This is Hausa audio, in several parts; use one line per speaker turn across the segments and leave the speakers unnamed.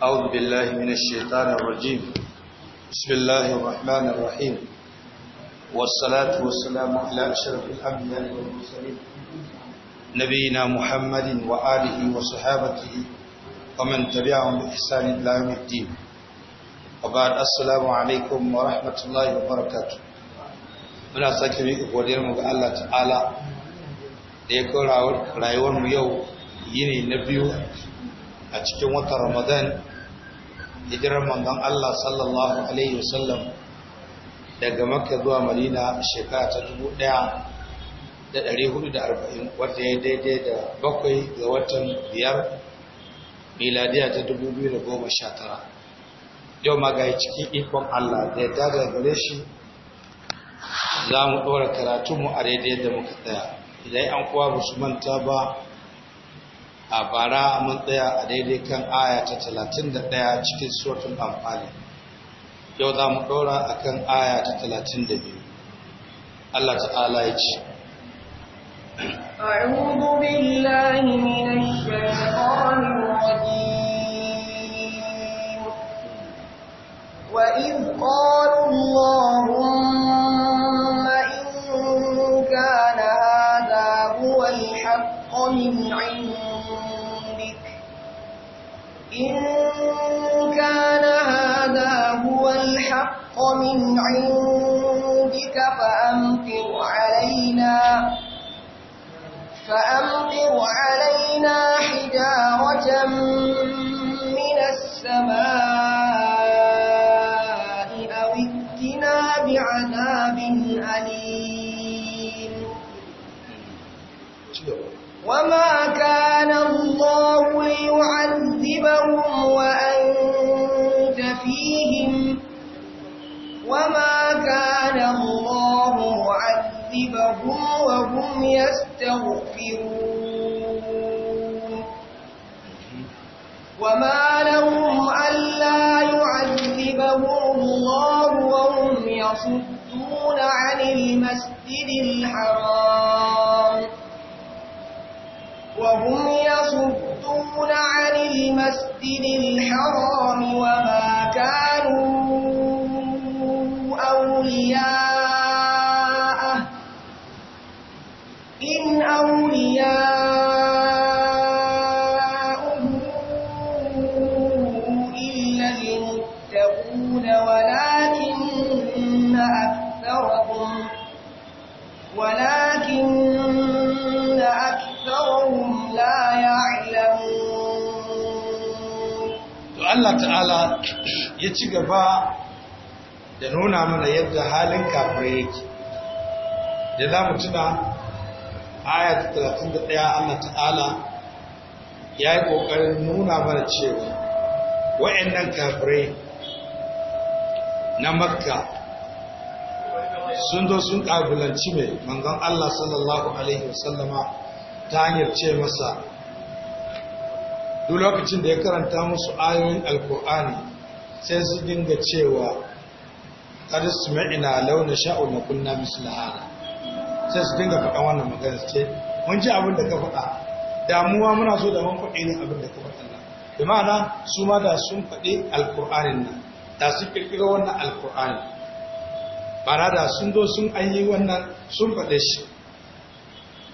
أعوذ بالله من الشيطان الرجيم بسم الله الرحمن الرحيم والصلاة والسلام على أشرف الأنبياء والمرسلين نبينا محمد وآله وصحابته ومن تبعهم بإحسان إلى يوم الدين وبعد السلام عليكم ورحمة الله وبركاته muna sake miƙa godiyarmu ga Allah ta'ala da ya kawo rayuwarmu yau yini na biyu a cikin watan ramadan hijirar manzon Allah sallallahu alaihi wasallam daga Makka zuwa Madina shekara ta 1440 wanda ya daidai da bakwai ga watan biyar miladiya ta 2019 yau ma ga cikin ikon Allah da ya daga gare shi za mu ɗora karatunmu a daidai da muka tsaya idan an kowa ba su manta ba a bara mun tsaya a daidai kan aya ta 31 cikin suratul amfani yau za mu dora kan aya ta 32 Allah ta'ala ya ce
أعوذ بالله من الشيطان الرجيم وإذ قالوا اللهم إن كان هذا هو الحق من عندك فأمطر علينا فأمطر علينا حجارة من السماء أو ائتنا بعذاب أليم وما كان مصيبهم وأنت فيهم وما كان الله معذبهم وهم يستغفرون وما لهم ألا يعذبهم الله وهم يصدون عن No.
ta'ala ya ci gaba da nuna mana yadda halin kafirai yake da za mu tuna ayat 31 Allah ta'ala ya yi ƙoƙarin nuna mana cewa wa'annan kafirai na makka sun zo sun ƙabilanci mai manzon Allah sallallahu Alaihi wasallama ta hanyar ce masa duk lokacin da ya karanta musu ayoyin alkur'ani sai su dinga cewa ƙaris su ma'ina launin sha'ul na kunna musu lahara sai su dinga faɗa wannan magana ce mun ji abin da ka faɗa damuwa muna so da mun faɗi ne abin da ka faɗa na da ma'ana su ma da sun faɗi alkur'anin nan da sun ƙirƙiro wannan alkur'ani ba da sun zo sun an yi wannan sun faɗe shi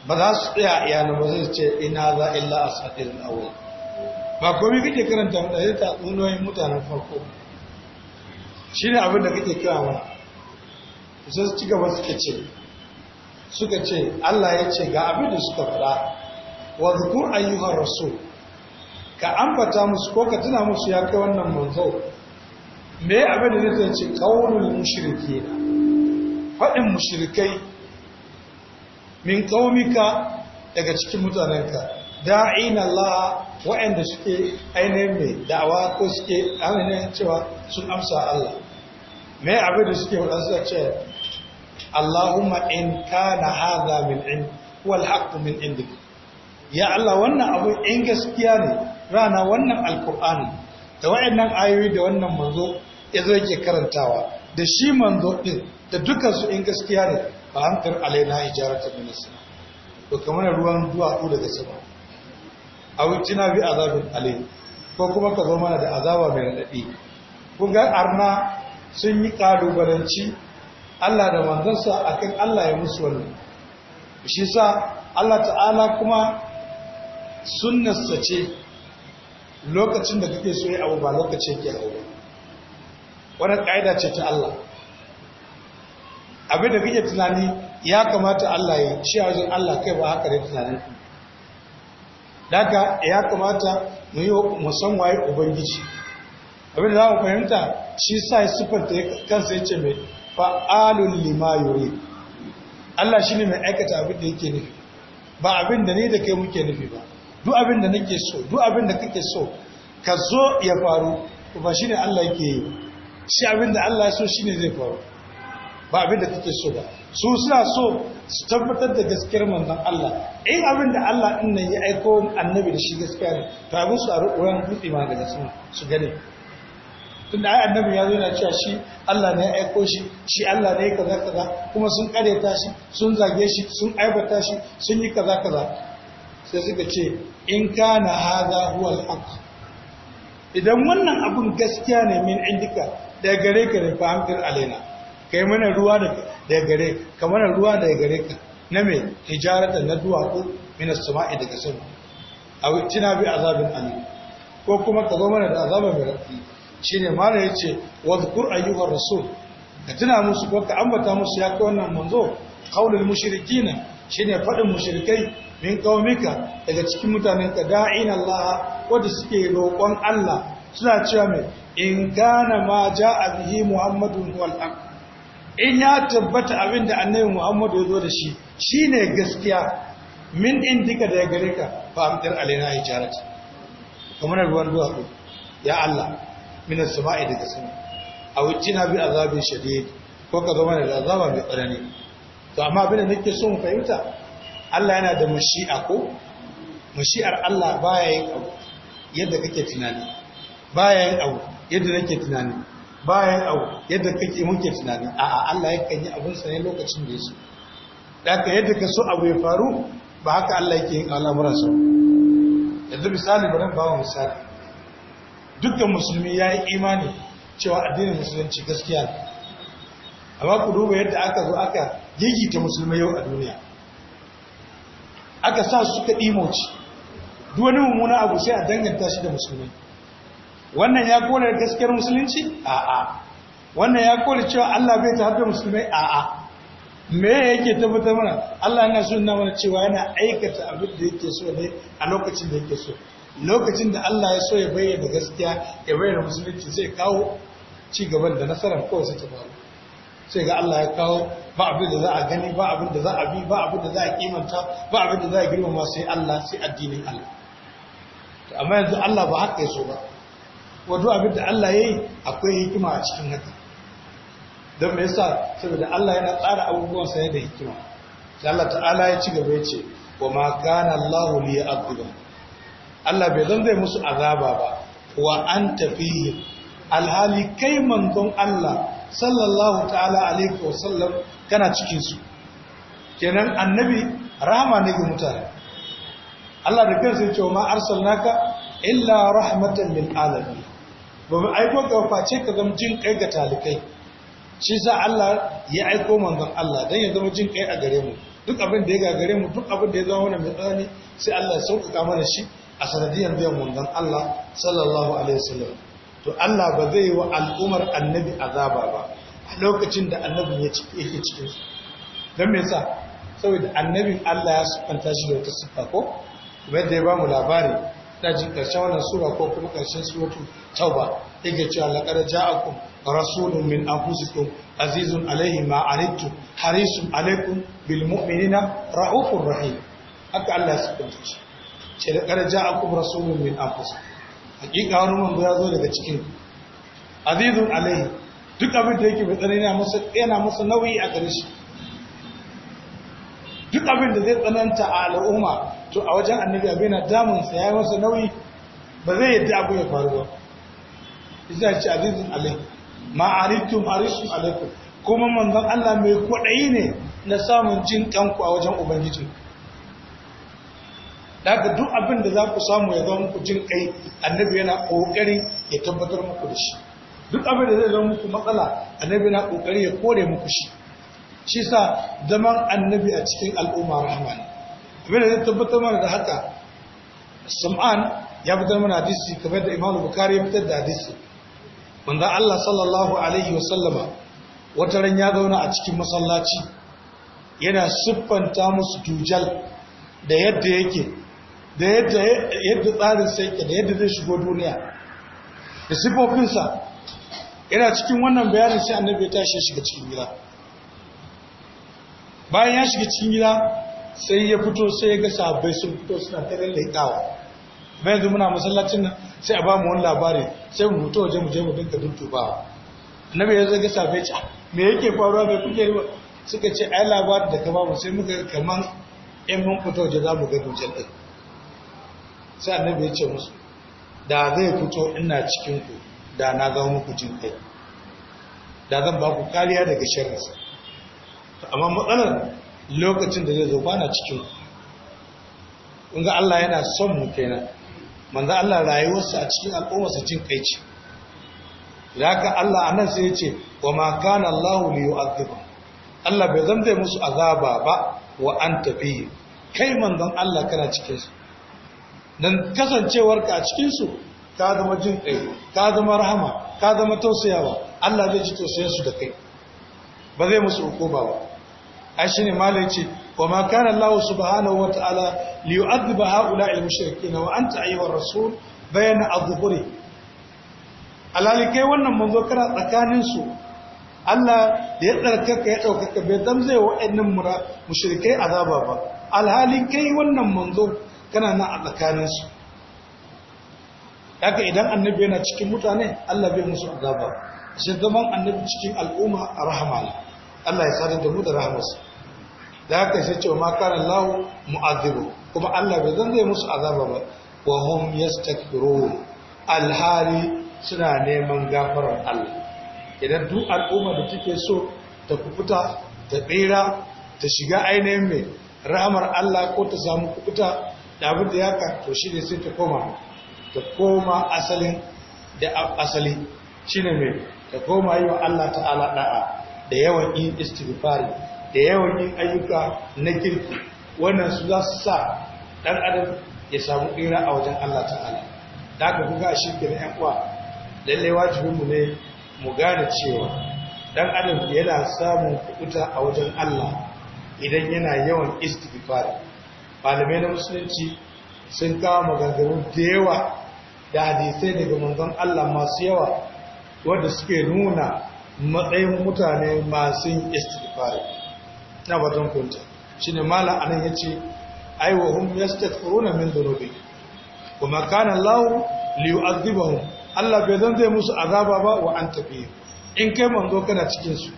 ba za su tsaya iyana ba zai ce ina za illa a sa'adin awon ba komi kake karanta wanda ya tatsuniyoyin mutanen farko shi ne abin da kake kira mana sai su ci gaba suka ce suka ce Allah ya ce ga abinda suka fada wa zukur ayyuhar rasul ka ambata musu ko ka tuna musu ya kai wannan manzo me abin da zai ce qaulul mushrikeena faɗin mushrikai min qaumika daga cikin mutanenka da'in Allah waɗanda suke ainihin mai da'awa ko suke ainihin cewa sun amsa Allah Me abin da suke suka ce Allahumma in kana hadha min in wal haqqu min indik ya Allah wannan abu in gaskiya ne rana wannan alqur'ani da waɗannan ayoyi da wannan manzo yazo yake karantawa da shi manzo din da dukkan su in gaskiya ne fa hankar alaina ijaratu min sama to kamar ruwan ku daga sama a wucina bi azabin alim ko kuma ka zo mana da azaba mai raɗaɗi kun ga arna sun yi ƙalubalanci Allah da manzansa kan Allah ya musu wani. shi sa Allah ta'ala kuma sunnarsa ce lokacin da kake so yi abu ba lokaci hau ba Wani ƙa'ida ce ta Allah abin da kake tunani ya kamata Allah ya ci a wajen Allah kai ba haka da tunanin daga ya kamata mu yi musamman ya ubangiji abin da za mu fahimta shi sa ya siffanta kansa ya ce mai fa'alun limayoyi Allah shi ne mai aikata abin da yake nufi ba abin da ne da kai muke nufi ba duk abin da nake so duk abin da kake so ka zo ya faru ba shi ne Allah yake yi shi abin da Allah ya so shi ne zai faru ba abin da kake so ba su suna so su tabbatar da gaskiyar manzon Allah in abin da Allah din nan ya aiko annabi da shi gaskiya ne to abin su a ruwan dutse ma daga suna su gane tunda ai annabi ya zo yana cewa shi Allah ne ya aiko shi shi Allah ne ya kaza kaza kuma sun kareta shi sun zage shi sun aibata shi sun yi kaza kaza sai suka ce in kana hadha huwa al idan wannan abun gaskiya ne min indika da gare ka ne fahimtar alaina kai mana ruwa daga gare ka mana ruwa daga gare ka na mai da na duwatsu min as-sama'i daga sama aw tina bi azabin Ali, ko kuma ka zo mana da azaba mai rafi shine mala yace wadhkur ayyuhar rasul ka tuna musu ko ka ambata musu ya kai wannan manzo qaulul mushrikina shine fadin mushrikai min qaumika daga cikin mutanen ka da'ina Allah wanda suke roƙon Allah suna cewa mai in kana ma ja'a bihi muhammadun wal haq in ya tabbata abin da annayin muhammadu ya zo da shi shi ne gaskiya min in duka da ya gare ka fahimtar alina ya jarata kamar ruwan ku ya allah minas sama'i daga sama a na bi azabin shadid ko ka zama da azaba mai tsanani to amma abin da nake so fahimta allah yana da mashi'a ko mashi'ar allah baya yin abu yadda kake tunani baya yin abu yadda nake tunani bayan abu yadda kake muke tunani a Allah ya kan yi abinsa ne lokacin da ya so daga yadda ka so abu ya faru ba haka Allah yake yin al'amuransa yanzu misali bari ba misali dukkan musulmi ya yi imani cewa addinin musulunci gaskiya ne amma ku duba yadda aka zo aka gigita musulmi yau a duniya aka sa suka ɗimoci duk wani mummuna abu sai a danganta shi da musulmi. wannan ya kore gaskiyar musulunci a'a wannan ya kore cewa Allah bai tafi musulmai a'a me yake tabbatar mana Allah yana so na mana cewa yana aikata abin da yake so ne a lokacin da yake so lokacin da Allah ya so ya bayyana gaskiya ya bayyana musulunci zai kawo ci gaban da nasarar kawai sai ta faru sai ga Allah ya kawo ba abin da za a gani ba abin da za a bi ba abin da za a kimanta ba abin da za a girmama sai Allah sai addinin Allah amma yanzu Allah ba haka ya so ba wato abin da Allah ya yi akwai hikima a cikin haka don me yasa saboda Allah yana tsara abubuwan sa da hikima da Allah ta'ala ya ci gaba ya ce wa ma gana Allah ya ya'dhibu Allah bai zan zai musu azaba ba wa tafi fihi alhali kai manzon Allah sallallahu ta'ala alaihi wa sallam kana cikin su kenan annabi rahama ne ga mutane Allah da kansa ya ce wa ma arsalnaka illa rahmatan lil alamin ba mu aiko ka face ka zama jin kai ga talikai shi sa Allah ya aiko manzon Allah don ya zama jin kai a gare mu duk abin da ya gare mu duk abin da ya zama wani mai tsanani sai Allah ya sauƙaƙa mana shi a sanadiyar biyan manzon Allah sallallahu alaihi wasallam to Allah ba zai yi wa al'umar annabi azaba ba a lokacin da annabi ya yake cikin su me yasa saboda annabin Allah ya sukanta shi da wata siffa ko ya ba mu labari ina jin karshen wannan sura ko kuma karshen suratul tauba yake cewa laqad ja'akum rasulun min anfusikum azizun alayhi ma aridtu harisun alaykum bil mu'minina raufur rahim haka Allah ya sabunta shi ce laqad ja'akum rasulun min anfusikum hakika wannan manzo ya zo daga cikin azizun alayhi duk abin da yake mai tsanani yana masa nauyi a gare shi duk abin da zai tsananta a al'umma to a wajen annabi abin da damunsa ya yi masa nauyi ba zai yadda abu ya faru ba isa ce azizin alai ma'aritum arisun alaikum kuma manzon Allah mai kwaɗayi ne na samun jin kanku a wajen ubangiji daga duk abin da za ku samu ya zama muku jin kai annabi yana ƙoƙari ya tabbatar muku da shi duk abin da zai zama muku matsala annabi yana ƙoƙari ya kore muku shi shi sa zaman annabi a cikin al'umma rahmani abin da zai tabbatar mana da haka sam'an ya fitar mana hadisi kamar da imamu bukari ya fitar da hadisi wanda allah sallallahu alaihi wasallama wata ran ya zauna a cikin masallaci yana siffanta musu dujal da yadda yake da yadda tsarin sai da yadda zai shigo duniya da siffofinsa yana cikin wannan bayanin sai annabi ya tashi shiga cikin gida bayan ya shiga cikin gida sai ya fito sai ya ga bai sun fito suna tare da ikawa mai yanzu muna masallacin nan sai a ba mu wani labari sai mu fito waje mu je mu dinka duddubawa annabi ya zo ga bai ca, ah, me yake faruwa bai kuke yi suka ce ai labarin da ka ba mu sai muka yi kaman in mun fito waje za mu ga dujal ɗin. sai annabi ya ce musu da zai fito ina cikin ku da na ga muku jin kai da zan ba ku kariya daga sharrinsa amma matsalar lokacin da zai zo ba na cikin in ga Allah yana son mu kenan manzo Allah rayuwarsa a cikin al'ummarsa cin kai ce haka Allah nan sai ya ce wa ma kana Allah li yu'adhibu Allah bai zanta musu azaba ba wa anta fi kai manzon Allah kana cikin su dan kasancewarka a cikin su ka zama jin kai ka zama rahama ka zama tausayawa Allah zai ji tausayin su da kai ba zai musu hukuma ba ashine malai ce wa ma kana Allah subhanahu wa ta'ala li yu'adhiba ha'ula al-mushrikeen wa anta ayyuhar rasul bayna adh-dhuhuri alalikai wannan manzo kana tsakanin su Allah da ya tsarkaka ya daukaka bai damzai wa'annan mushrikai azaba ba alhalin kai wannan manzo kana nan a tsakanin su haka idan annabi yana cikin mutane Allah bai musu azaba shi zaman annabi cikin al'umma a rahama Allah ya sadar da mu da rahamarsa da haka sai ce ma kana lahu mu'adhibu kuma Allah bai zan zai musu azaba ba wa hum yastakbirun alhali suna neman gafaran Allah idan duk al'umma da take so ta kufuta ta tsira ta shiga ainihin mai rahamar Allah ko ta samu kufuta da abin da yaka to shine sai ta koma ta koma asalin da asali shine mai ta koma yi wa Allah ta'ala da'a da yawan yin istighfari da yawan yin ayyuka na kirki wannan su za su sa ɗan adam ya samu ƙira a wajen Allah ta'ala da aka kuka shi ke na uwa lallai wajibinmu ne mu gane cewa ɗan adam yana samun kuɗuta a wajen Allah idan yana yawan istighfar malamai na musulunci sun kawo maganganu da yawa da hadisai daga manzon Allah masu yawa wanda suke nuna matsayin mutane masu istighfar na batun kunta shi ne mala a nan ya ce hun ya suke na min zunubi kuma kanan lau liyu azibahun allah bai zan zai musu azaba ba wa an tafi in kai manzo kana cikinsu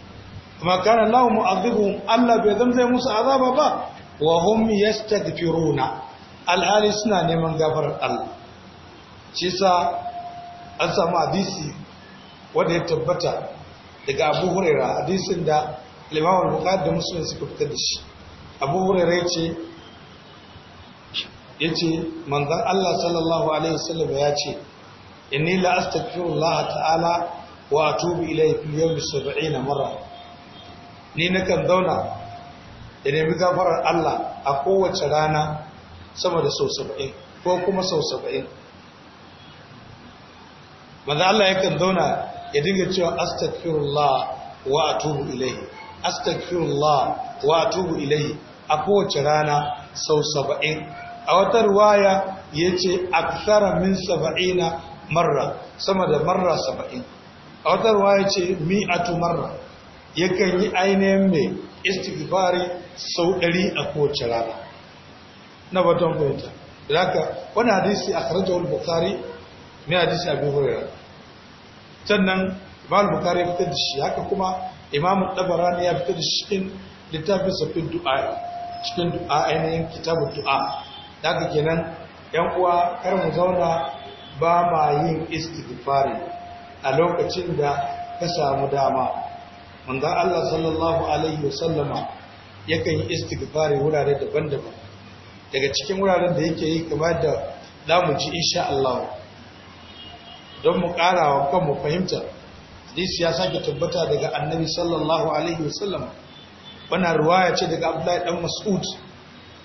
kuma kanan mu azibahun allah bai zan zai musu azaba ba wa hum na. alhali suna neman gafarar Allah shi sa an samu hadisi wanda ya tabbata daga Abu Huraira hadisin da Limawar bukhari da musulun suka fita da shi abu ya ce ya ce manzan allah sallallahu alaihi wasallam ya ce inni la allah ta'ala wa atubu ilayhi fil yawmi 70 marra ni kan zauna da nemi gafarar allah a kowace rana sama da sau 70 ko kuma sau 70 manzan allah ya kan zauna ya dinga cewa astaghfirullah wa atubu ilayhi astaghfirullah wa atubu ilayhi a kowace rana sau saba'in a wata ruwaya ya ce aksara min saba'ina marra sama da marra saba'in a wata ruwaya ce mi'atu marra yakan yi ainihin mai istighfari sau ɗari a kowace rana na baton fahimta laka wani hadisi a karanta wani bukari ne hadisi a hurera sannan ba bukari fitar da shi haka kuma imamu tabarani ya fitar da cikin littafin safin du'a cikin du'a ainihin kitabun du'a daga kenan yan uwa kar mu zauna ba ma yin istighfari a lokacin da ka samu dama manzon Allah sallallahu alaihi wasallama yakan yi istighfari wurare daban-daban daga cikin wuraren da yake yi kamar da zamu ji insha Allah don mu ƙara wa kanmu fahimtar. hadisi ya sake tabbata daga annabi sallallahu alaihi wasallam wannan ruwaya ce daga abdullahi dan mas'ud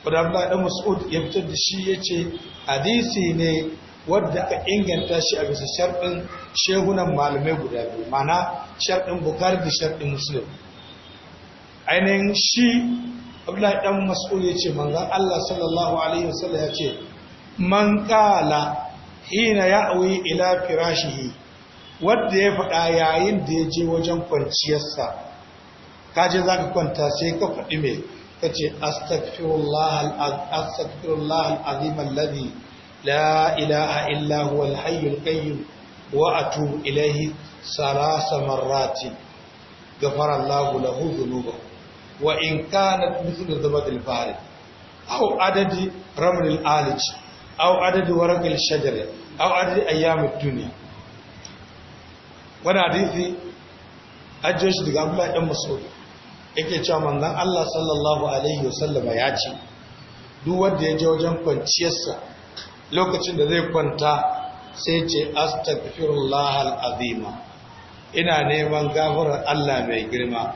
wanda abdullahi dan mas'ud ya fitar da shi yace hadisi ne wadda aka inganta shi a bisa sharɗin shehunan malamai guda biyu mana sharɗin bukari da sharɗin muslim ainihin shi abdullahi dan mas'ud ya ce manzon Allah sallallahu alaihi wasallam ya ce man qala hina ya'wi ila firashihi wadda ya faɗa yayin da ya je wajen kwanciyarsa kaje za ka kwanta sai ka faɗi mai ka ce astagfirullah al'azim allazi la ilaha illa huwa alhayyul qayyum wa atubu ilaihi salasa marrati ghafara Allahu lahu dhunuba wa in kanat mithlu al farid aw adadi al alij aw adadi waraqil shajar aw adadi ayyamid dunya wani hadisi ajiye shi daga abdullahi ɗan masoyi yake cewa manzan allah sallallahu alaihi wasallama ya ce duk wanda ya je wajen kwanciyarsa lokacin da zai kwanta sai ce astaghfirullah al'azima ina neman gafarar allah mai girma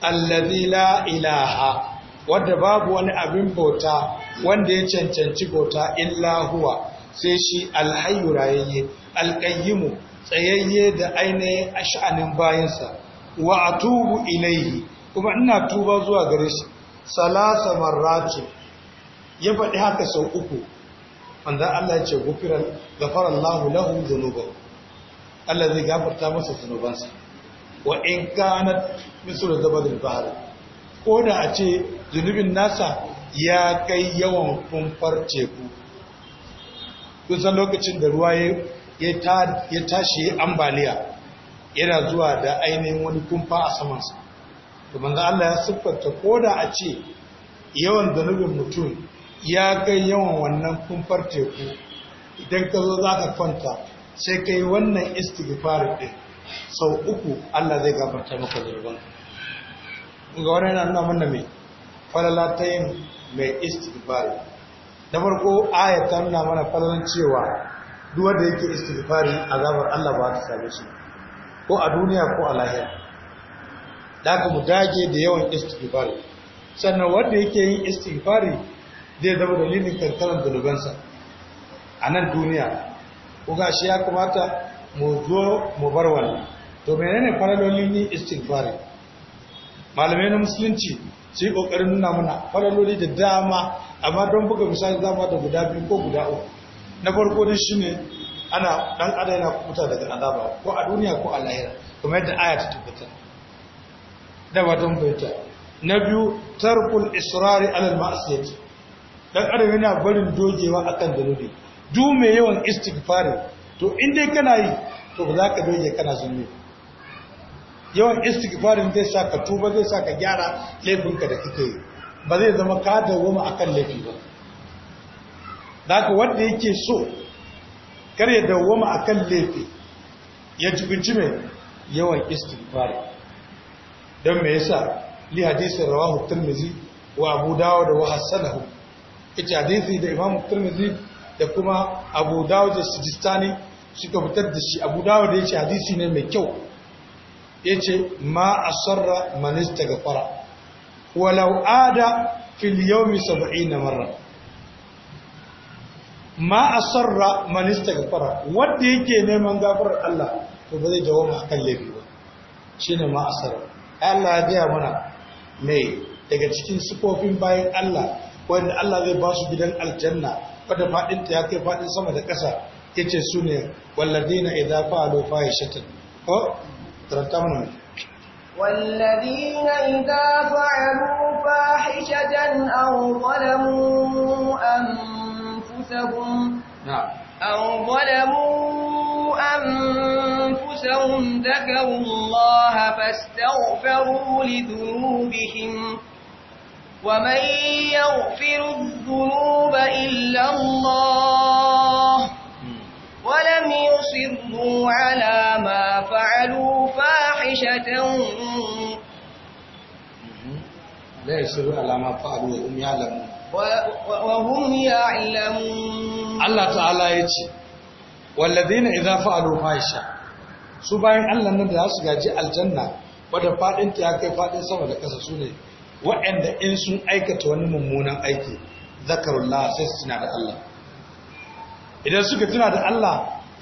allazi la ilaha wadda babu wani abin bauta wanda ya cancanci bauta illa huwa sai shi alhayu rayayye alƙayyimu tsayayye da ainihin sha'anin bayansa wa tubu ilaihi kuma ina tuba zuwa gare shi salasa marrati ya faɗi haka sau uku wanda Allah ya ce gufiran gafaran lahu lahu Allah zai gafarta masa zunubansa wa in kanat da zabadul bahr ko da a ce zunubin nasa ya kai yawan kumfar teku kusan lokacin da ruwa ya ya tashi ambaliya yana zuwa da ainihin wani kumfa a samansa to manzo Allah ya ko da a ce yawan zanubin mutum ya kai yawan wannan kumfar teku idan ka zo za ka kwanta sai ka yi wannan istighfar din sau uku Allah zai gabata maka zurban ga wani yana nuna mana mai falala ta yin mai istighfar da farko ayat ta nuna mana falalan cewa duk wanda yake a azabar Allah ba ta same shi ko a duniya ko a lahira da mu dage da yawan istifari sannan wanda yake yin istifari zai zama dalilin kankanan dalibansa a nan duniya ko ga shi ya kamata mu zo mu bar wani. to menene falalolin yin istifari malamai na musulunci su yi kokarin nuna mana falaloli da dama amma don buga misali zama da guda biyu ko guda uku na farko shi ne ana dan ada yana kuta daga azaba ko a duniya ko a lahira kuma yadda aya ta tabbata da watan baita na biyu tarkul israri alal ma'asiyati dan adam yana barin dogewa akan dalili du mai yawan istighfari to in dai kana yi to ba za ka doge kana zunubi yawan istighfari zai sa ka tuba zai sa ka gyara laifinka da kake yi ba zai zama ka dawoma akan laifi ba daga wanda yake so kar ya dawwama akan laifi ya jibinci mai yawan istighfar dan me yasa li hadisin rawahu tirmidhi wa abu dawud wa hasanahu ita hadisi da imam tirmidhi da kuma abu dawud da sijistani suka fitar da shi abu dawud yace hadisi ne mai kyau yace ma asarra man istaghfara walau ada fil yawmi 70 marra ma asarra manista istaghfara wanda yake neman gafarar Allah to ba zai dawo akan laifi ba shine ma Allah ya gaya mana Me? daga cikin sifofin bayan Allah wanda Allah zai ba su gidan aljanna wanda fadin ya kai faɗin sama da ƙasa yace sune walladina idza fa'alu fahishatan ko taratamun
والذين إذا فعلوا فاحشة أو ظلموا أنفسهم أنفسهم نعم أو ظلموا أنفسهم ذكروا الله فاستغفروا لذنوبهم ومن يغفر الذنوب إلا الله ولم يصروا على ما فعلوا فاحشة
alama ya لا يسروا على ما فعلوا وهم يعلمون
وهم يعلمون الله
تعالى يتي والذين إذا فعلوا فاحشة su bayan Allah nan da za su gaji aljanna wadda faɗinta ya kai faɗin sama da kasa su ne waɗanda in sun aikata wani mummunan aiki zakarullah sai su tuna da Allah idan suka tuna da Allah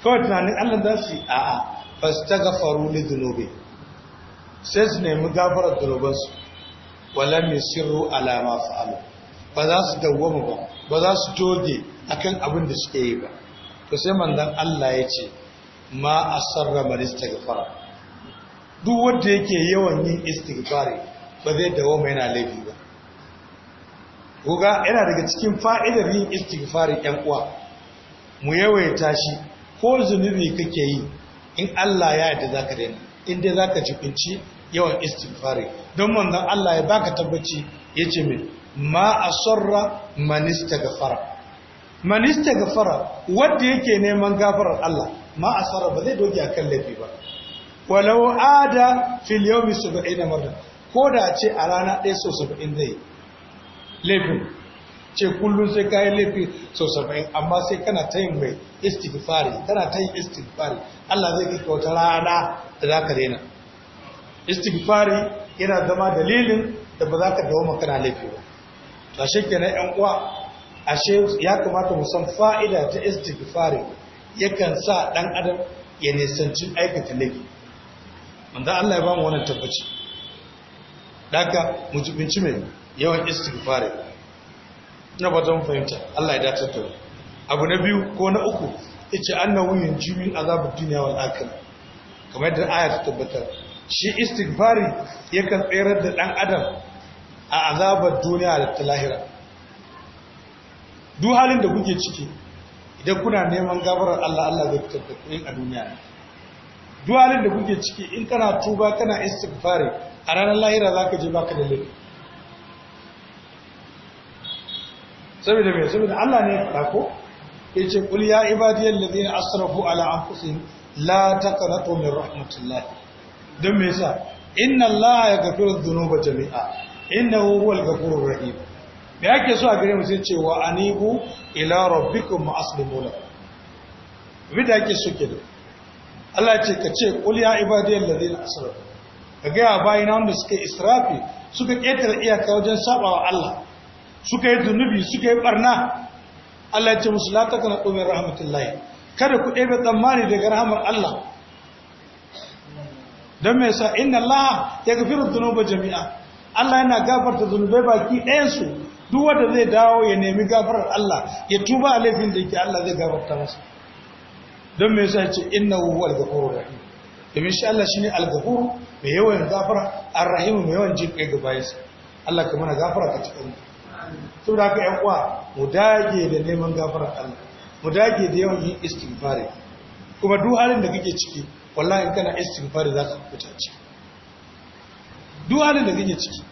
kawai tunanin Allah za su yi a'a fastaghfaru li dhunubi sai su nemi gafarar dhunubansu walam yusirru ala ma fa'alu ba za su dawwama ba ba za su doge akan abin da suke yi ba to sai manzon Allah ya ce ma asarra man istighfar duk wanda yake yawan yin istighfari ba zai dawwama yana laifi ba Goga yana daga cikin fa'idar yin istighfari ɗan uwa mu yawaita shi ko zunubi kake yi in Allah ya yarda zaka daina in dai zaka jibinci yawan istighfari don manzon Allah ya baka tabbaci yace me ma asarra man istaghfara man istaghfara wanda yake neman gafarar Allah ma asarra ba zai doge akan laifi ba walau ada fil yawmi 70 marra ko da ce a rana ɗaya so zai laifin ce kullum sai kayan laifi so 70 amma sai kana ta yin mai istighfari kana ta yin istighfari Allah zai kika wata rana da za ka daina istighfari yana zama dalilin da ba za ka dawo makana laifi ba to shi kenan yan uwa ashe ya kamata mu san fa'ida ta istighfari yakan sa dan adam ya nisanci aikata laifi manzo Allah ya ba mu wannan tabbaci daga mu binci mai yawan istighfari na ba zan fahimta Allah ya dace abu na biyu ko na uku yace annahu yunjimin azabud dunya wal akhirah kamar da ta tabbatar shi istighfari yakan tsayar da ɗan adam a azabar duniya da ta lahira duk halin da kuke ciki idan kuna neman gafarar Allah Allah zai fitar da kuɗin a duniya duk halin da kuke ciki in kana tuba kana istighfari a ranar lahira zaka je baka da laifi saboda me saboda Allah ne ya faɗa ko yace qul ya ibadiyal ladina asrafu ala anfusihim la taqnatu min rahmatillah don me yasa inna allaha yaghfiru dhunuba jami'a innahu huwal ghafurur rahim me yake so a gare mu sai cewa wa anibu ila rabbikum aslimu la wida yake so ke Allah ya ce ka ce qul ya ibadiyal ladina asrafu ka ga bayina wanda suka israfi suka ketare iyaka wajen sabawa Allah suka yi zunubi suka yi barna Allah ya ce musulata kana takana rahmatullahi kada ku ɗebe tsammani daga rahamar Allah don mai sa inna Allah ya gafiru zunuba jami'a Allah yana gafarta zunubai baki ɗayansu duk wanda zai dawo ya nemi gafarar Allah ya tuba a laifin da yake Allah zai gafarta masa don mai sa ce inna wuhu al rahim domin shi Allah shi al-ghafur mai yawan gafara an rahimu mai yawan jin kai ga bayansa Allah ka mana gafara ka cikin mu saboda haka ƴan uwa mu dage da neman gafarar Allah mu dage da yawan yin istighfari kuma duk halin da kake ciki wallahi in kana istighfar za ka kuta ci duk halin da kake ciki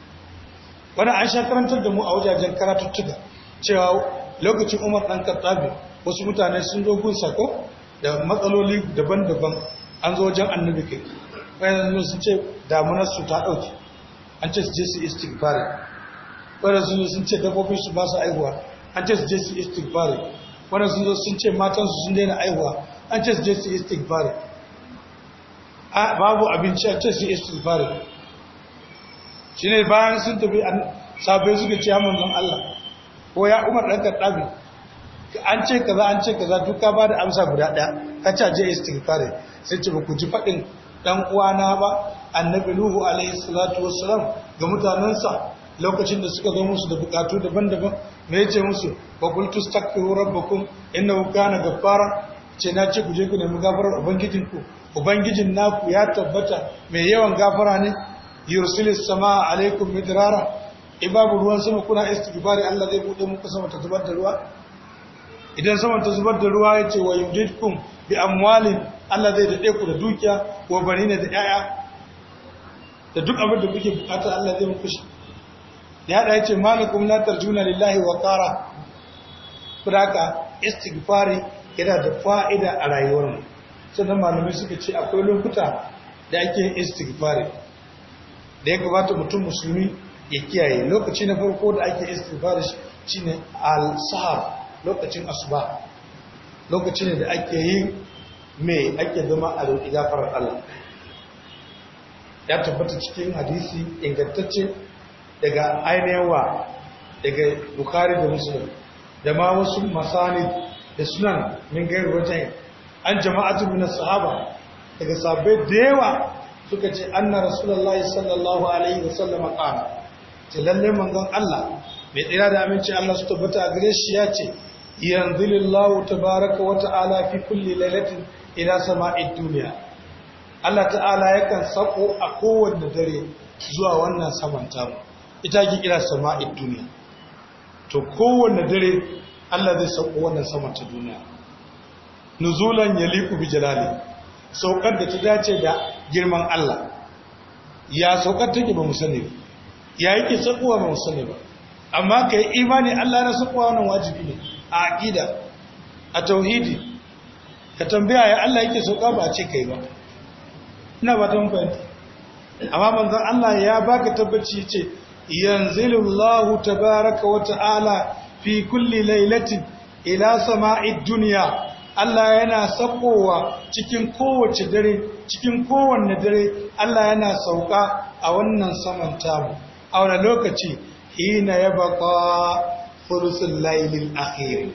wani an sha karantar da mu a wajajen karatuttuka cewa lokacin Umar dan kattabi wasu mutane sun zo gun sako da matsaloli daban-daban an zo wajen annabi kai wayan sun ce damunar su ta dauke an ce su je su istighfar wayan sun sun ce dabbobin su ba su aihuwa an ce su je su istighfar wayan sun sun ce matan su sun daina aihuwa an ce su je su istighfar babu abinci a ce sai istighfar shine bayan sun tafi sabai suka ce ya manzon Allah ko ya Umar dan Kaddabi an ce kaza an ce kaza duk ka bada amsa guda daya ka ce je istighfar sai ce ku ji fadin dan uwana ba annabi Nuhu alaihi salatu wassalam ga mutanansa lokacin da suka zo musu da bukatu daban-daban me yace musu wa qultu astaghfiru rabbakum innahu kana ghaffara ce na ce ku je ku nemi gafarar ubangijinku ubangijin naku ya tabbata mai yawan gafara ne yursilis sama alaikum midrara ibabu ruwan sama kuna istighfari Allah zai bude muku sama ta zubar da ruwa idan sama ta zubar da ruwa yace wa yudidkum bi amwalin Allah zai dade ku da dukiya wa barina da yaya da duk abin da kuke bukata Allah zai muku shi ya ɗaya yace malikum la tarjuna lillahi wa qara furaka istighfari yana da fa'ida a rayuwarmu sannan malamai suka ce akwai lokuta da ake yin istighfari da ya gabata mutum musulmi ya kiyaye lokaci na farko da ake istighfari ne al-sahar lokacin asuba lokaci ne da ake yi mai ake zama a roƙi zafar Allah ya tabbata cikin hadisi ingantacce daga ainihin wa daga bukari da musulun da ma wasu masani da sunan min gairu wajen an jama'atu min sahaba daga sabbe da yawa suka ce anna rasulullahi sallallahu alaihi wasallam qala ce lalle manzon Allah mai tsira da aminci Allah su tabbata a gare shi ya ce yanzilillahu tabaraka wa ta'ala fi kulli lailatin ila sama'id dunya Allah ta'ala yakan sako a kowanne dare zuwa wannan saman mu ita ki kira sama'id dunya to kowanne dare Allah zai sako wannan saman ta duniya nuzulan yaliku bi jalali saukar da ta dace da girman Allah ya saukar take ba mu sani ba ya yake sakuwa ba mu sani ba amma kai imani Allah na sakuwa wannan wajibi ne a aqida a tauhidi ka tambaya ya Allah yake sauka ba a ce kai ba ina ba ta mafi amma manzon Allah ya baka tabbaci ce Allahu tabaaraka wa ta'ala fi kulli lailatin ila sama'id dunya Allah yana sakowa cikin kowace dare cikin kowanne dare Allah yana sauka a wannan saman tamu a wani lokaci hina ya baka furusun lailin akhir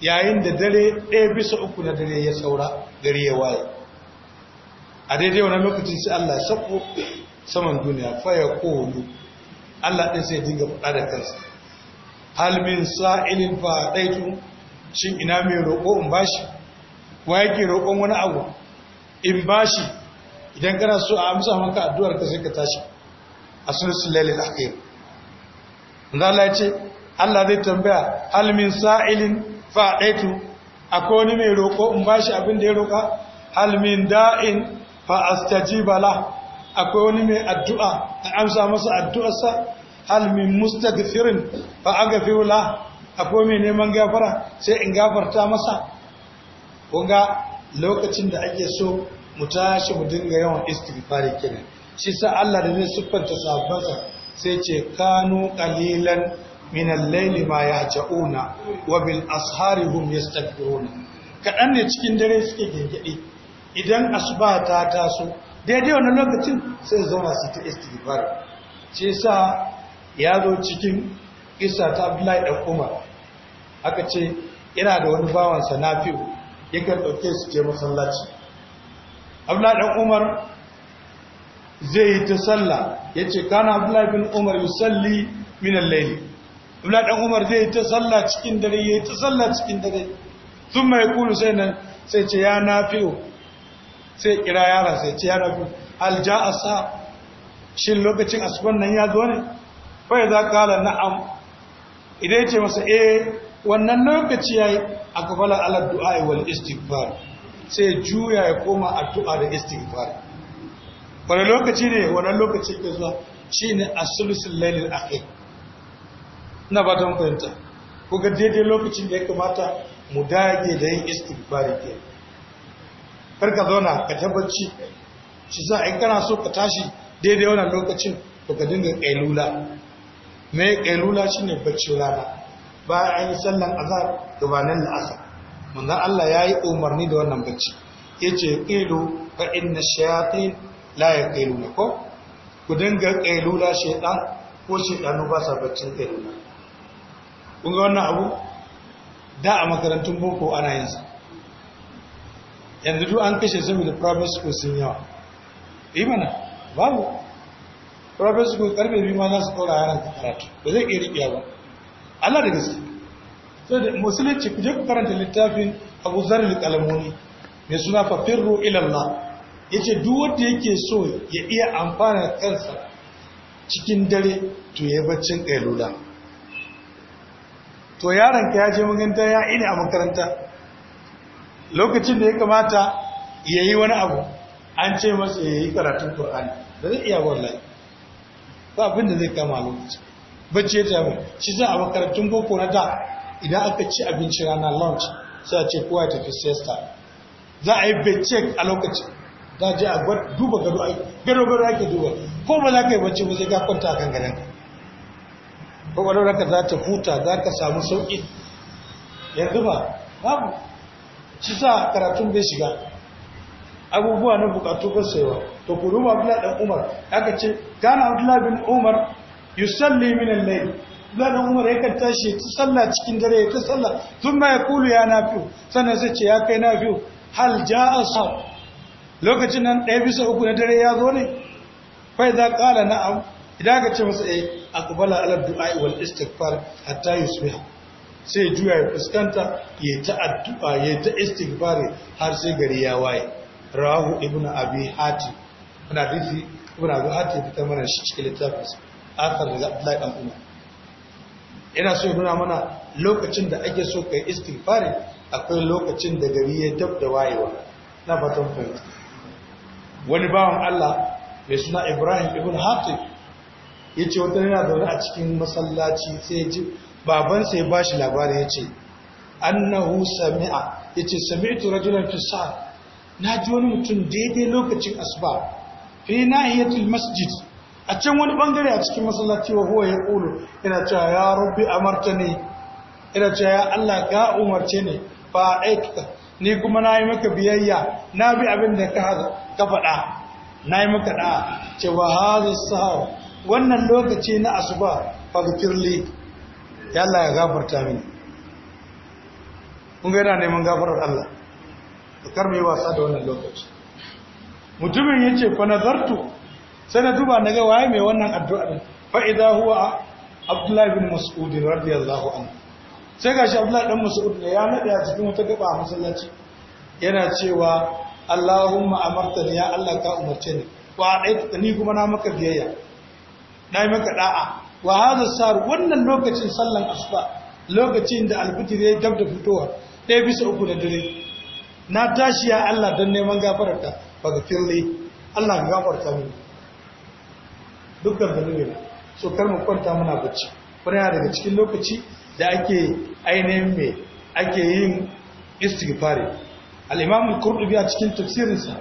yayin da dare ɗaya bisa uku na dare ya saura gari ya waye a daidai wani lokacin sai Allah ya sako saman duniya faya kowani Allah ɗin sai dinga faɗa da kansa hal min sa'ilin fa ɗaitu shin ina mai roƙo in bashi wa yake roƙon wani abu in bashi idan kana so a amsa maka addu'ar ka sai ka tashi a sunan lalil akhir manzo Allah ya ce Allah zai tambaya hal min sa'ilin fa'aitu akwai wani mai roƙo in bashi abin da ya roƙa Halmin da'in fa astajiba la akwai wani mai addu'a a amsa masa addu'arsa Halmin min mustaghfirin fa akwai mai neman gafara sai in gafarta masa kunga lokacin da ake so mu tashi mu dinga yawan istighfari kenan shi sa Allah da zai siffanta sahabbansa sai ce kanu qalilan min al-layli ma yahjauna wa bil ashari hum yastaghfiruna kadan ne cikin dare suke gengede idan asuba ta taso daidai wannan lokacin sai zauna su ta istighfar shi sa ya zo cikin isa ta abdullahi Ɗan umar aka ce yana da wani bawansa nafi'u ya ɗauke su ce masallaci abdullahi Ɗan umar zai yi ta sallah ya ce kana abdullahi bin umar yi salli minan laili abdullahi Ɗan umar zai yi ta sallah cikin dare ya yi ta sallah cikin dare mai Kulu sai nan sai ce ya fiye sai kira yara sai ce ya na fiye alja'asa shi shin lokacin asuban nan ya zo ne fa idza qala na'am idan ya ce masa eh wannan lokaci yayi akfala ala du'a wal istighfar sai juya ya koma addu'a da istighfar wani lokaci ne wannan lokaci ke zuwa shine as-sulusul lailil akhir ina ba ta fahimta ko ga daidai lokacin da ya kamata mu dage da yin istighfar ke karka zauna ka tabbaci shi sa in kana so ka tashi daidai wannan lokacin to ka dinga kailula mai kailula ne bacci rana bayan an yi sallan azhar gabanin la'asar manzon Allah ya yi umarni da wannan bacci ce qailu fa inna shayatin la ne ko ku dinga ƙailula shaytan ko shaidanu ba sa baccin ƙailula kun ga wannan abu da a makarantun boko ana yin sa yanzu duk an kashe saboda private school sun yawa imana babu sauran ko karfe biyu ma za su ɗora yaran karatu ba zai iya riƙiya ba Allah da gaske So da musulunci ku je ku karanta littafin Abu Zarr al-Qalamuni mai suna fafirru ila Allah yace duk wanda yake so ya iya amfana kansa cikin dare to ya baccin kailula to yaron ka ya je makaranta ya ina a makaranta lokacin da ya kamata yayi wani abu an ce masa yayi karatun Qur'ani da zai iya wallahi ba abin da zai kama lokaci bacci ya tafi shi za a makarantun boko na da idan aka ci abinci rana lunch sai a ce kowa ya tafi siesta za a yi becek a lokaci da je a duba gado ai gado gado ake duba ko ba za ka yi bacci ba sai ka kwanta a kan ko ka kwakwalwar ka za ta huta za ka samu sauƙi yanzu ba babu shi sa karatun bai shiga abubuwa na bukatu ba saiwa to ku duba dan Umar aka ce kana Abdullah bin Umar yusalli min al-layl Abdullah dan Umar yakan tashi ta sallah cikin dare ta sallah thumma yaqulu ya nafi'u sannan sai ce ya kai nafi'u hal jaa sa lokacin nan ɗaya bisa uku na dare ya zo ne fa idza qala na'am idan aka ce masa eh aqbala ala du'a wal istighfar hatta yusbih sai juya ya fuskanta ya ta addu'a ya ta istighfari har sai gari ya waye rahu ibnu abi hatim ana hadisi ibn abi hatim fitar mana shi cikin littafin da Abdullahi dan Umar ina so nuna mana lokacin da ake so kai fari, akwai lokacin da gari ya dab da wayewa na fatan point wani bawan Allah mai suna Ibrahim ibn Hatim yace wata yana zaune a cikin masallaci sai ya ji babansa ya bashi labari yace annahu sami'a yace sami'tu rajulan fi sa'a na ji wani mutum daidai lokacin asuba fi nahiyatul masjid a can wani bangare a cikin masallaci wa huwa ya ƙulu ina cewa ya amarta ne. ina cewa ya Allah ga umarce ne fa aikata ni kuma na yi maka biyayya na bi abin da ka faɗa na yi maka ɗa cewa hazin sahau wannan lokaci na asuba fagfirli ya Allah ya gafarta mini kun ga yana neman gafarar Allah kar mai wasa da wannan lokaci mutumin ya ce fa nazartu sai na duba na ga waye mai wannan addu'a din fa idza huwa abdullahi bin mas'ud radiyallahu anhu sai gashi abdullahi dan mas'ud ne ya nade a cikin wata gaba a masallaci yana cewa allahumma amartani ya allah ka umarce ni wa adaita ni kuma na maka biyayya na yi maka da'a wa hadha sar wannan lokacin sallan asuba lokacin da alfitri ya dab da fitowa ɗaya bisa uku da dare na tashi ya Allah don neman gafararta ba ga Allah ga gafarta mu dukkan zunubi na so kar mu kwanta muna bacci wani yana daga cikin lokaci da ake ainihin me ake yin istighfari al-imam al-qurtubi a cikin tafsirinsa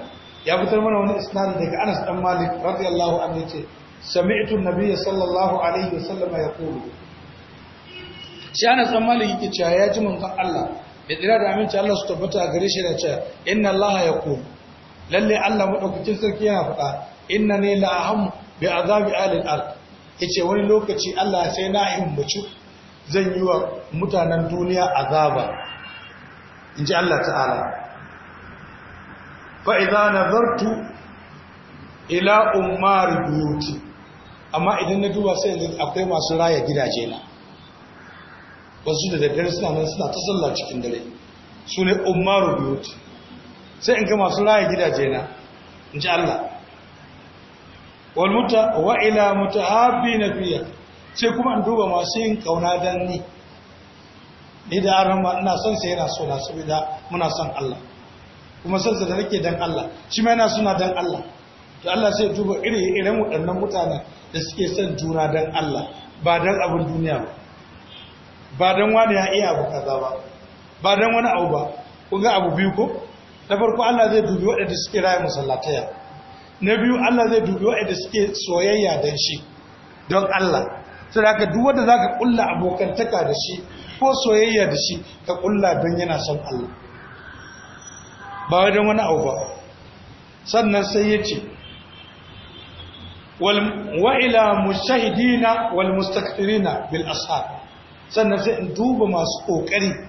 ya fitar mana wani isnad daga Anas dan Malik radiyallahu anhu yace sami'tu an-nabiy sallallahu alaihi wasallam yaqulu shi Anas dan Malik yake cewa ya ji manzon Allah mai da aminci Allah su tabbata a gare shi da cewa inna Allah ya ku lalle Allah madaukakin sarki yana faɗa inna ne la aham bi azabi al ard yace wani lokaci Allah sai na himmaci zan yi wa mutanen duniya azaba inji Allah ta'ala fa idza nazartu ila ummar buyuti amma idan na duba sai akwai masu raya gidaje na wasu da daddare suna nan suna ta sallah cikin dare su ne umaru biyut sai in ka masu raya gidaje na in ji Allah wal muta mutu ila na fiya sai kuma in duba masu yin kauna dan ni ni da arama ina son sai yana so na da muna son Allah kuma son sa da nake dan Allah shi ma yana suna dan Allah to Allah sai duba iri irin waɗannan mutanen da suke son juna dan Allah ba dan abin duniya ba ba don wani ya iya abu kaza ba ba don wani abu ba kunga ga abu biyu ko na farko Allah zai dubi waɗanda suke raya masallataya na biyu Allah zai dubi waɗanda suke soyayya don shi don Allah sai da duk wanda zaka kulla abokantaka da shi ko soyayya da shi ka kulla don yana son Allah ba wai don wani abu ba sannan sai ya ce wa ila mushahidina wal mustakthirina bil ashab sannan sai in duba masu ƙoƙari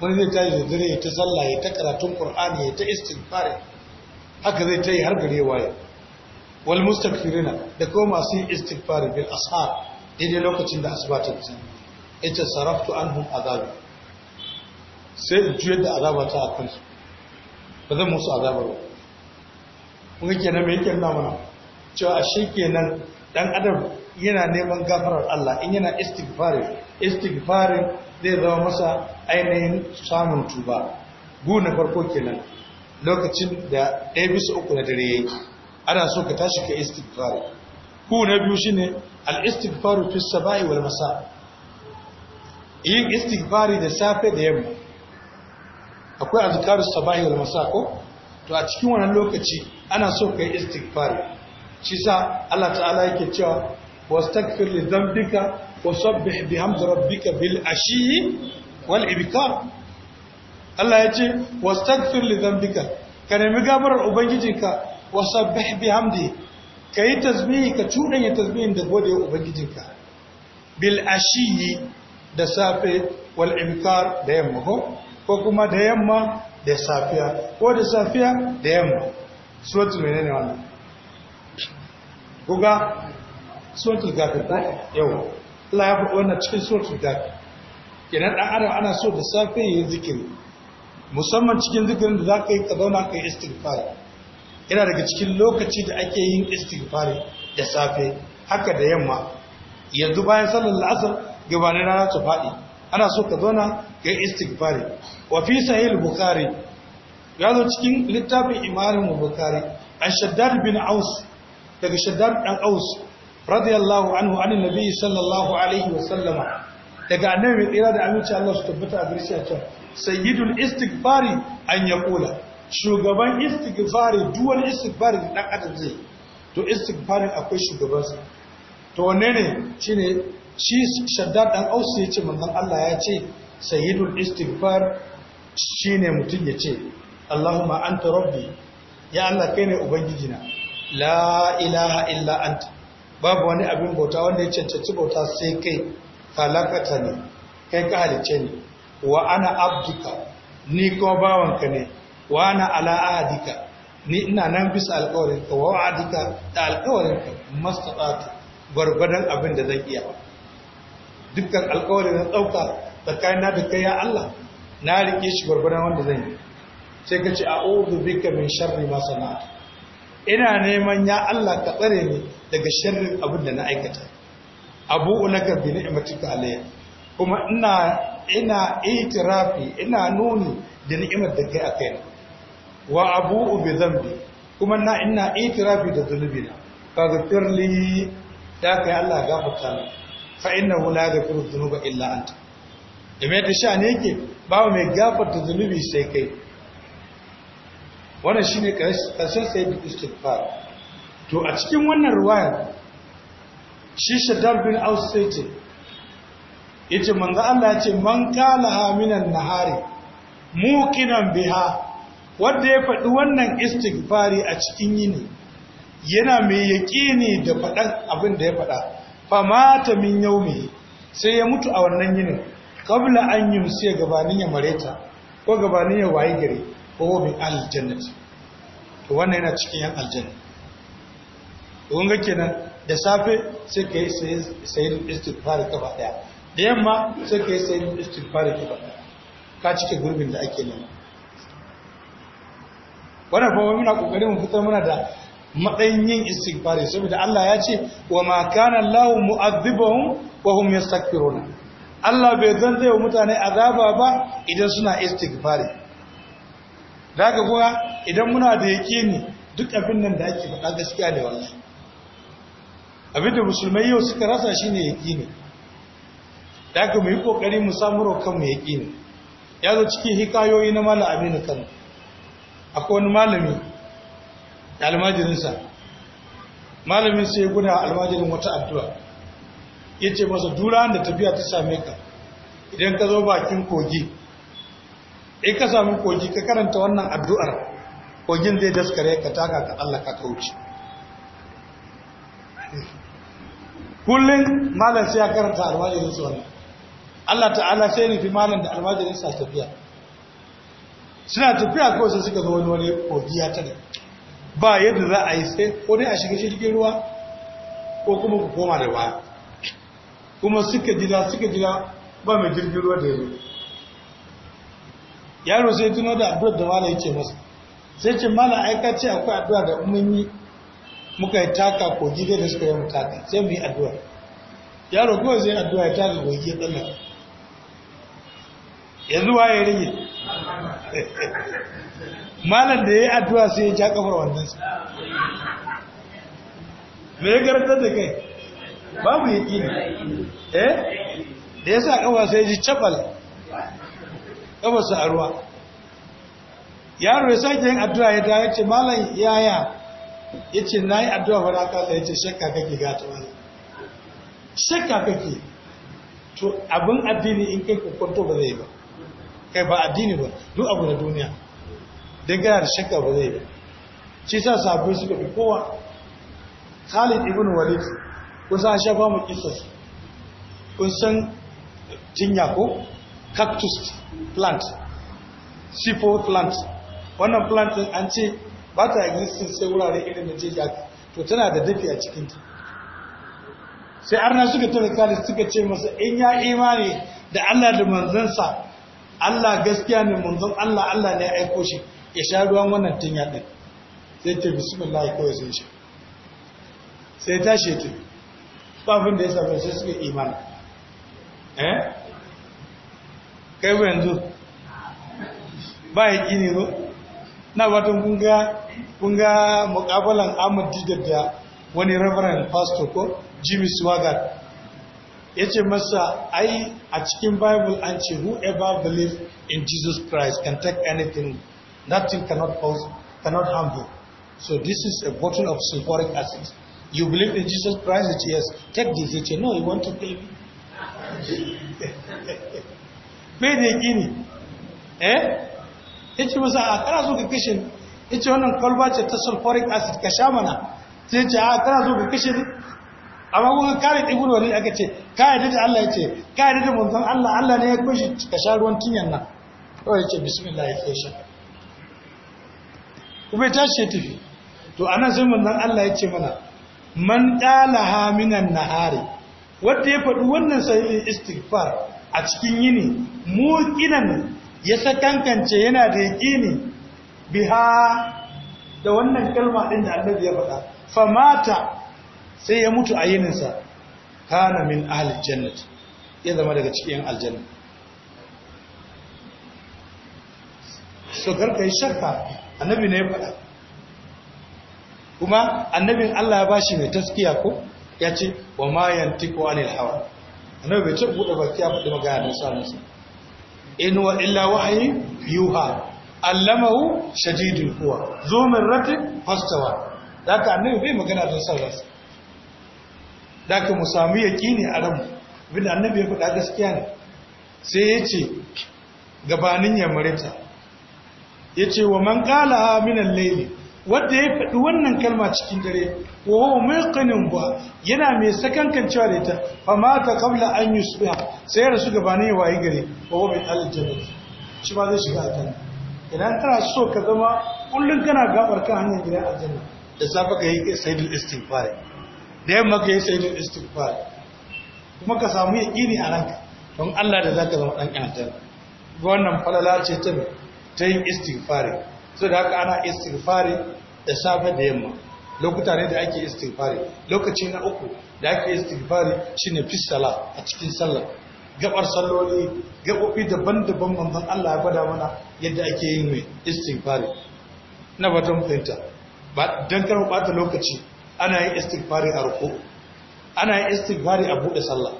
wani zai tashi da dare ta zalla ya ta karatun qur'ani ya ta istighfar haka zai ta yi har gare waye wal mustaghfirina da kuma masu istighfar bil ashar daidai lokacin da asuba ta ci ita saraftu hun azabi sai in juyar da azaba ta akan su ba zan musu azaba ba kuma kenan me yake nuna mana cewa shi kenan dan adam yana neman gafarar Allah in yana istighfari istighfarin zai zama masa ainihin samun tuba gu na farko kenan lokacin da ɗaya bisa uku na dare yake ana so ka tashi ka istighfari ku na biyu shine al istighfaru fi sabai wal masa yin istighfari da safe da yamma akwai azkaru sabai wal masa ko to a cikin wannan lokaci ana so ka yi istighfari shi sa Allah ta'ala yake cewa واستغفر لذنبك وسبح بحمد ربك بالعشي والإبكار Allah ya ce wastaghfir li dhanbika ka nemi gafarar ubangijinka wasabbih bihamdi kai tasbihi ka ya tasbihin da gode wa ubangijinka bil ashiyi da safe wal imkar da yamma ko ko kuma da yamma da safiya ko da safiya da yamma suratul menene wannan kuga suratul gafir yau Allah ya faɗi wannan cikin suratul gafir kenan dan adam ana so da safe yin zikiri musamman cikin zikirin da za ka yi ka zauna ka yi istighfar yana daga cikin lokaci da ake yin istighfar da safe haka da yamma yanzu bayan sallar la'asar gabanin rana ta faɗi ana so ka zauna ka yi istighfar wa fi sahih bukhari ya zo cikin littafin imanin bukhari an shaddad bin aus daga shaddad ɗan aus radiyallahu anhu anin nabi sallallahu alaihi wasallama daga annabi mai tsira da aminci Allah su tabbata a garshe a can sayyidul istighfari an ya kula shugaban istighfari duwan istighfari da dan adam zai to istighfarin akwai shugabansa to wanne ne shine shi shaddad dan ausu ya ce manzon Allah ya ce sayyidul istighfar shine mutum ya ce Allahumma anta rabbi ya Allah kai ne ubangijina la ilaha illa anta babu wani abin bauta wanda ya cancanci bauta sai kai falakata ne kai ka halice ne wa ana abduka ni kuma bawanka ne wa ana ala ahadika ni ina nan bisa ka, wa wa'adika da alƙawarinka mastata gwargwadon abin da zan iya dukkan alƙawarin na ɗauka tsakanina da kai ya Allah na rike shi gwargwadon wanda zan yi sai ka ce a'udhu bika min sharri ma sana'a. ina neman ya Allah ka tsare ni daga sharrin abin da na aikata abu na bi ni'matika alayya kuma ina ina itirafi ina nuni da ni'imar da kai akai kai, wa abu bi dhanbi kuma na ina itirafi da zunubina firli da kai Allah gafarta min fa innahu la yaghfiru dhunuba illa anta dame da sha ne yake ba mai gafarta zunubi sai kai wannan shine karshen sayyidul istighfar to a cikin wannan ruwayar shi shaddar bin aus ce yace manzo Allah ya ce man qalaha minan nahari muqinan biha wanda ya faɗi wannan istighfari a cikin yini yana mai yaƙini da faɗan abin da ya faɗa fa mata min yaumi sai ya mutu a wannan yinin kabla an yumsiya gabanin ya mareta ko gabanin ya wayi gare ko bin aljannati to wannan yana cikin yan aljanna kun ga kenan da safe sai ka yi sayin istighfar kafa daya da yamma sai ka yi sayin istighfar kafa daya ka cike gurbin da ake nema wannan kuma muna kokarin mu fitar muna da matsayin yin istighfar saboda Allah ya ce wa ma kana lahu mu'adhibahum wa hum yastaghfiruna Allah bai zan zai wa mutane azaba ba idan suna istighfar daga kuwa idan muna da yake ne duk abin nan da ake faɗa gaskiya ne wallahi Abin da musulmai yau suka rasa yaƙi ne, da aka mu yi ƙoƙari mu samu rokan mu ne, ya zo cikin hikayoyi na malam Aminu kan akwai wani malami da almajirinsa malamin sai guda almajirin wata addu'a yace masa dura da tafiya ta same ka idan ka zo bakin kogi in ka sami kogi ka karanta wannan addu'ar kogin zai daskare ka taka ka Allah ka kauce kullum malam sai ya karanta almajirin su wani Allah ta'ala sai nufi malam da almajirin sa tafiya suna tafiya ko sai suka zo wani wani kogiya ta da ba yadda za a yi sai ko dai a shiga shirgin ruwa ko kuma ku koma da baya kuma suka jira suka jira ba mai jirgin ruwa da yanzu yaro sai tuno da addu'ar da malam yake masa sai ce malam aika ce akwai addu'a da mun muka yi taka kogi dai da suka yi muka taka sai mu yi addu'a yaro kawai zai addu'a ya taka kogi ya tsallaka yanzu wa ya rage malam da ya yi addu'a sai ya ja kafar wandansa me ya garanta da kai babu ya ƙi eh da ya sa kafa sai ji cabal kafarsa a ruwa yaro ya sake yin addu'a ya ta ya ce malam yaya yace yi addu'a fara na kasa yace shakka kake ga ta wani shakka kake to abin addini in kai kokonto ba zai ba kai ba addini ba duk abu na duniya dan kana da shakka ba zai ba shi sa sabu suka fi kowa Khalid ibn Walid kun san shafa mu kissas kun san tinya ko cactus plant sifo plant wannan plant an ce ba ta yi existing sai wurare irin da jeji haka to tana da dafi a cikinta sai arna suka tura kalis suka ce masa in ya imani da Allah da manzansa Allah gaskiya ne manzan Allah Allah ne ya aiko shi ya sha ruwan wannan tun ya ɗin sai ta bismillah kawai sun shi sai ta shi ta da ya saba sai suka imani eh kai yanzu ba ya ƙini ba na batun kunga mukabalan ahmad didar da wani reverend pastor ko jimmy swaggart ya ce masa ai a cikin bible an ce whoever believes in jesus christ can take anything nothing cannot cause cannot harm you so this is a bottle of sulfuric acid you believe in jesus christ it yes take this ya ce no you want to kill me bai da gini eh ya ce masa a kana so ka kashe ya ce wannan kwalba ce ta sulfuric acid ka sha mana sai ce a kana so ka kashe ni amma kuma kare ɗigun wani aka ce ka yadda da Allah ya ce ka yadda da manzon Allah Allah ne ya kwashe ka sha ruwan tinyan nan kawai yace ce bismillah ya kwashe kuma ya tashi ya tafi to anan sai manzon Allah ya ce mana man dalaha minan nahari wanda ya faɗi wannan sai istighfar a cikin yini mu kinan ya sakankance yana da yaƙini biha da wannan kalma ɗin da annabi ya faɗa famata sai ya mutu a yininsa kana min ahlil jannati ya zama daga cikin aljanna so karka yi shakka annabi ne ya faɗa kuma annabin Allah ya bashi mai taskiya ko ya ce wa ma yantiqu anil hawa annabi bai ce buɗe baki ya faɗi magana da samun sa in wa illa wahayi yuha allamahu shadidul quwa zu min ratin fastawa zaka annabi bai magana da sallarsa daka mu samu yaqini a ranmu bin annabi ya faɗa gaskiya ne sai ya ce gabanin ya marita ya ce wa man ƙala minan laili wanda ya faɗi wannan kalma cikin dare wa huwa muqinin ba yana mai kan cewa da ita fa mata qabla an yusbiha sai ya rasu gabanin wayi gare wa huwa min aljanna shi ba zai shiga aljanna idan kana so ka zama kullun kana gabar kan hanyar gidan aljanna da safa ka yi sayyidul istighfar da yamma ka yi sayyidul istighfar kuma ka samu yaqini a ranka don Allah da zaka zama dan aljanna wannan falala ce ta ta yin istighfar so da haka ana istighfari da safe da yamma lokuta ne da ake istighfari lokaci na uku da ake istighfari shine fi sala a cikin sallah gabar salloli gabobi daban-daban manzon Allah ya gwada mana yadda ake yin mai istighfari na batun fahimta ba dan kar bata lokaci ana yin istighfari a ruku ana yin istighfari a bude sallah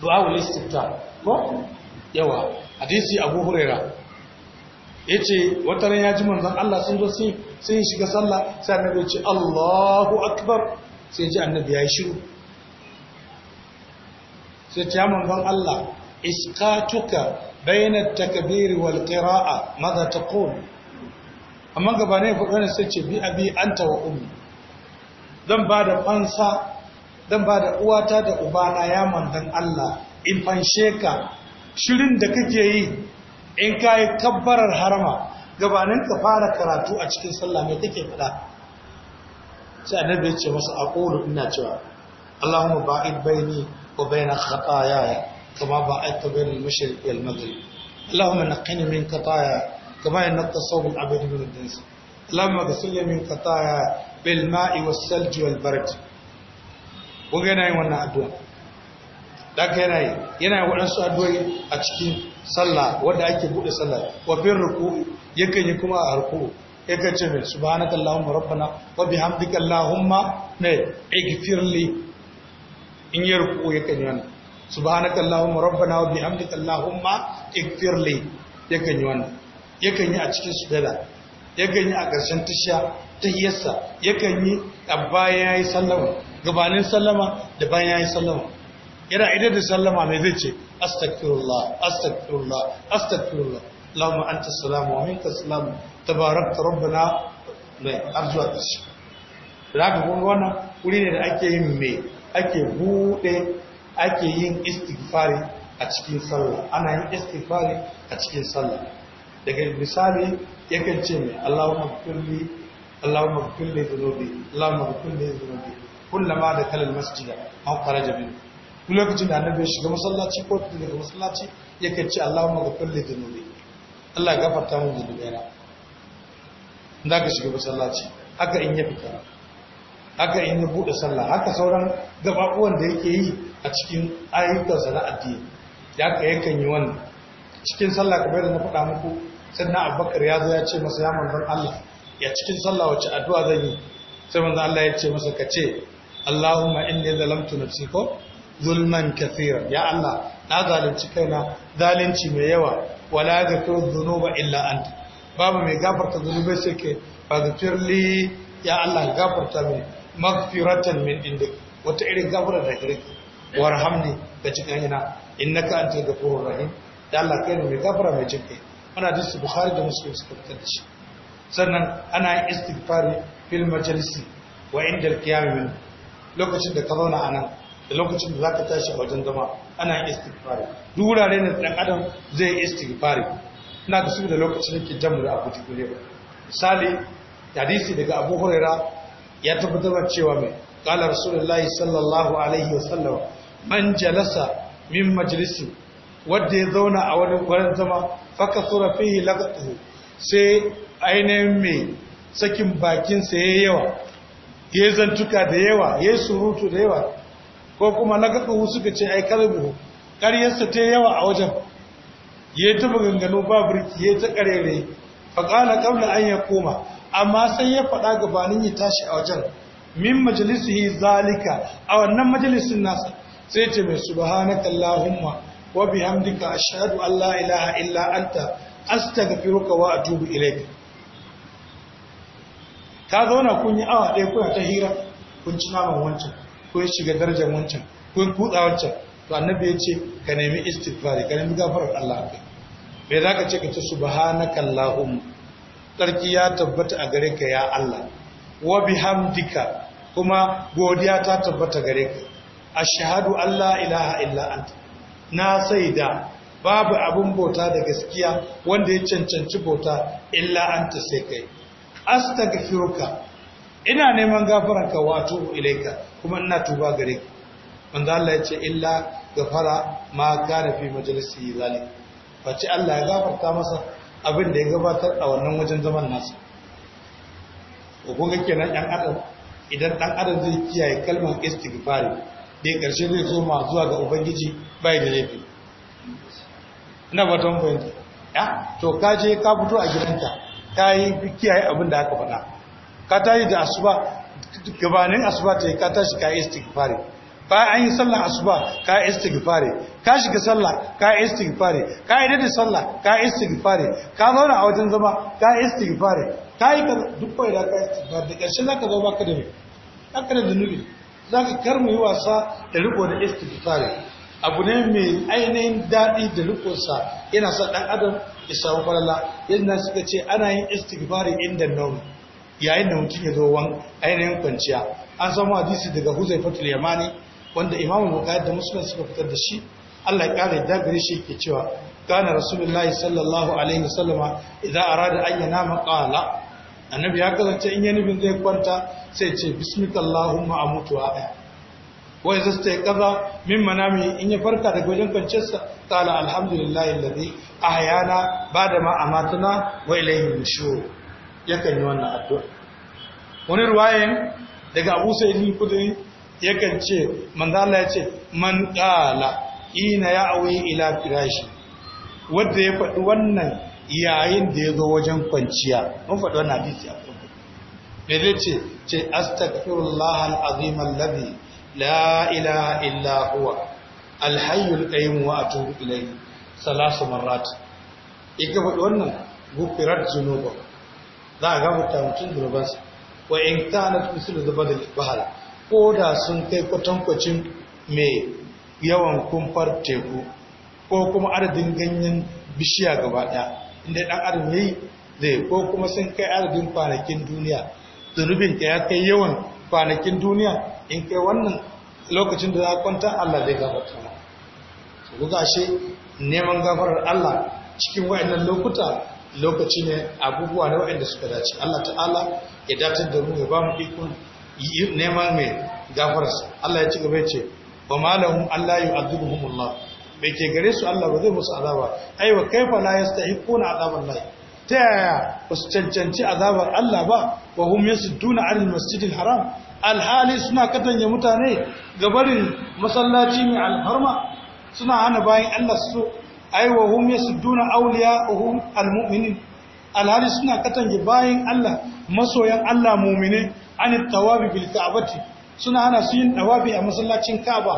du'a wal istighfar ko yawa hadisi Abu Hurairah yace wata ran ya ji manzan Allah sun zo sun yi shiga sallah sai annabi ya ce Allahu akbar sai ji annabi ya shiru sai ta manzan Allah tuka bayanar takabiri wal qira'a ta kone amma gaba ne ku dana sai ce bi abi an tawa umu zan ba da fansa zan ba da uwata da ubana ya manzan Allah in fanshe ka shirin da kake yi in ka yi kabbarar harama gabanin ka fara karatu a cikin sallah mai take fada sai annabi ya ce masa aqulu ina cewa Allahumma ba'id baini wa baina khataaya kama ba'adta baina al-mashriq wal maghrib Allahumma naqqini min khataaya kama yanqqa thawb al-abid min ad-dins Allahumma ghsilni min khataaya bil ma'i was salj wal barad ko ga yana yin wannan addu'a da ka yana yi yana yi waɗansu addu'o'i a cikin sallah wadda ake bude sallah wa fi ruku yakan yi kuma a ruku yakan ce mai subhanaka allahumma rabbana wa bihamdika allahumma ne igfirli in yi ruku yakan yi wannan subhanaka allahumma rabbana wa bihamdika allahumma igfirli yakan yi wannan yakan yi a cikin sujada yakan yi a ƙarshen tashiya tahiyarsa yakan yi a bayan yayi sallama gabanin sallama da bayan yayi sallama yana idan da sallama mai zai ce astaghfirullah astaghfirullah astaghfirullah اللهم أنت السلام ومنك السلام تباركت ربنا أرجو أتشي Raka kun wannan wuri ne da ake yin me ake bude ake yin istighfari a cikin sallah ana yin istighfari a cikin sallah daga misali yakan ce mai Allahumma kulli Allahumma kulli dhunubi Allahumma kulli dhunubi kullama da kalal masjida aw kharaja minhu duk lokacin da annabi ya shiga masallaci ko daga masallaci yakan ce ma ga li dhunubi Allah ya gafarta min dhunubaina da ka shiga masallaci haka in ya fita haka in ya bude sallah haka sauran gababuwan da yake yi a cikin ayyukan na addini ya ka yakan yi wannan cikin sallah kamar da na faɗa muku sannan abubakar ya zo ya ce masa ya manzon Allah ya cikin sallah wacce addu'a zan yi sai manzon Allah ya ce masa ka ce Allahumma inni zalamtu nafsi ko zulman kathira ya Allah na zalunci kaina zalunci mai yawa wala yaghfiru dhunuba illa anta babu mai gafarta zunubai sai ke faghfir li ya Allah gafarta min maghfiratan min indik wata irin gafara da gare warhamni da cikin yana innaka antal ghafurur rahim Ya Allah kai ne mai gafara mai cike. ana da su bukhari da muslim suka fitar da shi sannan ana istighfari fil majalisi wa inda al-qiyam min lokacin da ka zauna anan da lokacin da za ka tashi a wajen zama ana istighfari duk wurare ne ɗan adam zai istighfari ina da su da lokacin da ke jamu da abuti tukure ba misali hadisi daga abu huraira ya tabbatar cewa mai qala rasulullahi sallallahu alaihi wa sallam, man jalasa min majlisi wanda ya zauna a wani wurin zama faka sura fihi laqatuhu sai ainihin mai sakin bakinsa ya yawa ya zantuka da yawa ya surutu da yawa ko kuma na wasu suka ce ai buhu Karyarsa ta yawa a wajen ya taba gangano ba birki ya ta ƙarere faƙala ƙaunar an ya koma amma sai ya faɗa gabanin ya tashi a wajen min yi zalika a wannan majalisin nasa sai ce mai subhanaka allahumma wa bihamdika ashhadu an la ilaha illa anta astaghfiruka wa atubu ilayk ka zauna kun yi awa ɗaya kuna ta hira kun ci naman wancan ko ya shiga darajar wancan ko ya kutsa wancan to annabi ya ce ka nemi istighfari ka nemi gafarar Allah kai me za ka ce ka ce subhanaka allahumma tsarki ya tabbata a gare ka ya Allah wa bihamdika kuma godiya ta tabbata gare ka ashhadu shahadu Allah ilaha illa anta na saida babu abin bauta da gaskiya wanda ya cancanci bauta illa anta sai kai astaghfiruka ina neman gafaranka wato ilaika kuma ina tuba gare ka. manzo Allah ya ce illa gafara ma kana fi majalisi zalik face Allah ya gafarta masa abin da ya gabatar a wannan wajen zaman nasa ko kun ga kenan ɗan adam idan ɗan adam zai kiyaye kalmar istighfar dai ƙarshe zai zo ma zuwa ga ubangiji bai da laifi ina ba don fahimta ya to ka je ka fito a gidanta, ka yi kiyaye abin da aka faɗa ka tayi da asuba gabanin asuba ta yi ka tashi ka istighfari ba an yi sallar asuba ka istighfari ka shiga sallah ka istighfari ka yi daidai sallah ka istighfari ka zauna a wajen zama ka istighfari ka yi ka duk kawai da ka istighfari da ƙarshen ka zo baka da baka da zunubi ka kar mu yi wasa da riko da istighfari abu ne mai ainihin daɗi da rikonsa yana sa ɗan adam ya samu falala yadda suka ce ana yin istighfari inda nauyi yayin da mutum ya zo wan ainihin kwanciya an samu hadisi daga huzaifatul yamani wanda imamu bukhari da muslim suka fitar da shi Allah ya kare da gari shi ke cewa kana rasulullahi sallallahu alaihi wasallama idan arada an yanama qala annabi ya kasance in ya nufin zai kwanta sai ce bismikallahumma amutu wa aya ta yi istayqaza min manami in ya farka daga wajen kwanciyarsa qala alhamdulillahi hayana ba da ma amatana wa ilayhi nushur yakan yi wannan addu'a wani ruwayen daga abu sa'idin kudiri yakan ce manzala ya ce man ƙala ina ya auyi ila firashi wadda ya faɗi wannan yayin da ya zo wajen kwanciya mun faɗi wannan hadisi a kudu Mai zai ce ce astaghfirullah al'azim al-labi la ilaha illa huwa alhayyul qayyum wa atubu ilayhi salasu marrat in ka faɗi wannan gufirar zunubar za a gamata mutum zunubansa wa in kanat mislu bahala ko da sun kai kwatankwacin mai yawan kumfar teku ko kuma adadin ganyen bishiya gaba ɗaya inda ɗan adam yayi zai ko kuma sun kai adadin kwanakin duniya zunubin ka ya kai yawan kwanakin duniya in kai wannan lokacin da za kwanta Allah zai gabata ma. ku ga neman gafarar Allah cikin wayannan lokuta lokaci ne abubuwa na waɗanda suka dace Allah ta'ala ya datar da mu ya ba mu ikon nema mai gafararsa Allah ya ci gaba ya ce ba malahum Allah yu'adhibuhum Allah bai ke gare su Allah ba zai musu azaba ai wa kaifa la yastahiquna azaban Allah ta yaya ba su cancanci azabar Allah ba wa hum yasudduna 'anil masjidil haram alhali suna katanya mutane ga barin masallaci mai alharma suna hana bayan Allah su ai wa hum yasudduna awliya'uhum almu'minin alhali suna katange bayin Allah masoyan Allah mu'mine an tawabi bil ka'bati suna hana su yin tawabi a masallacin Ka'aba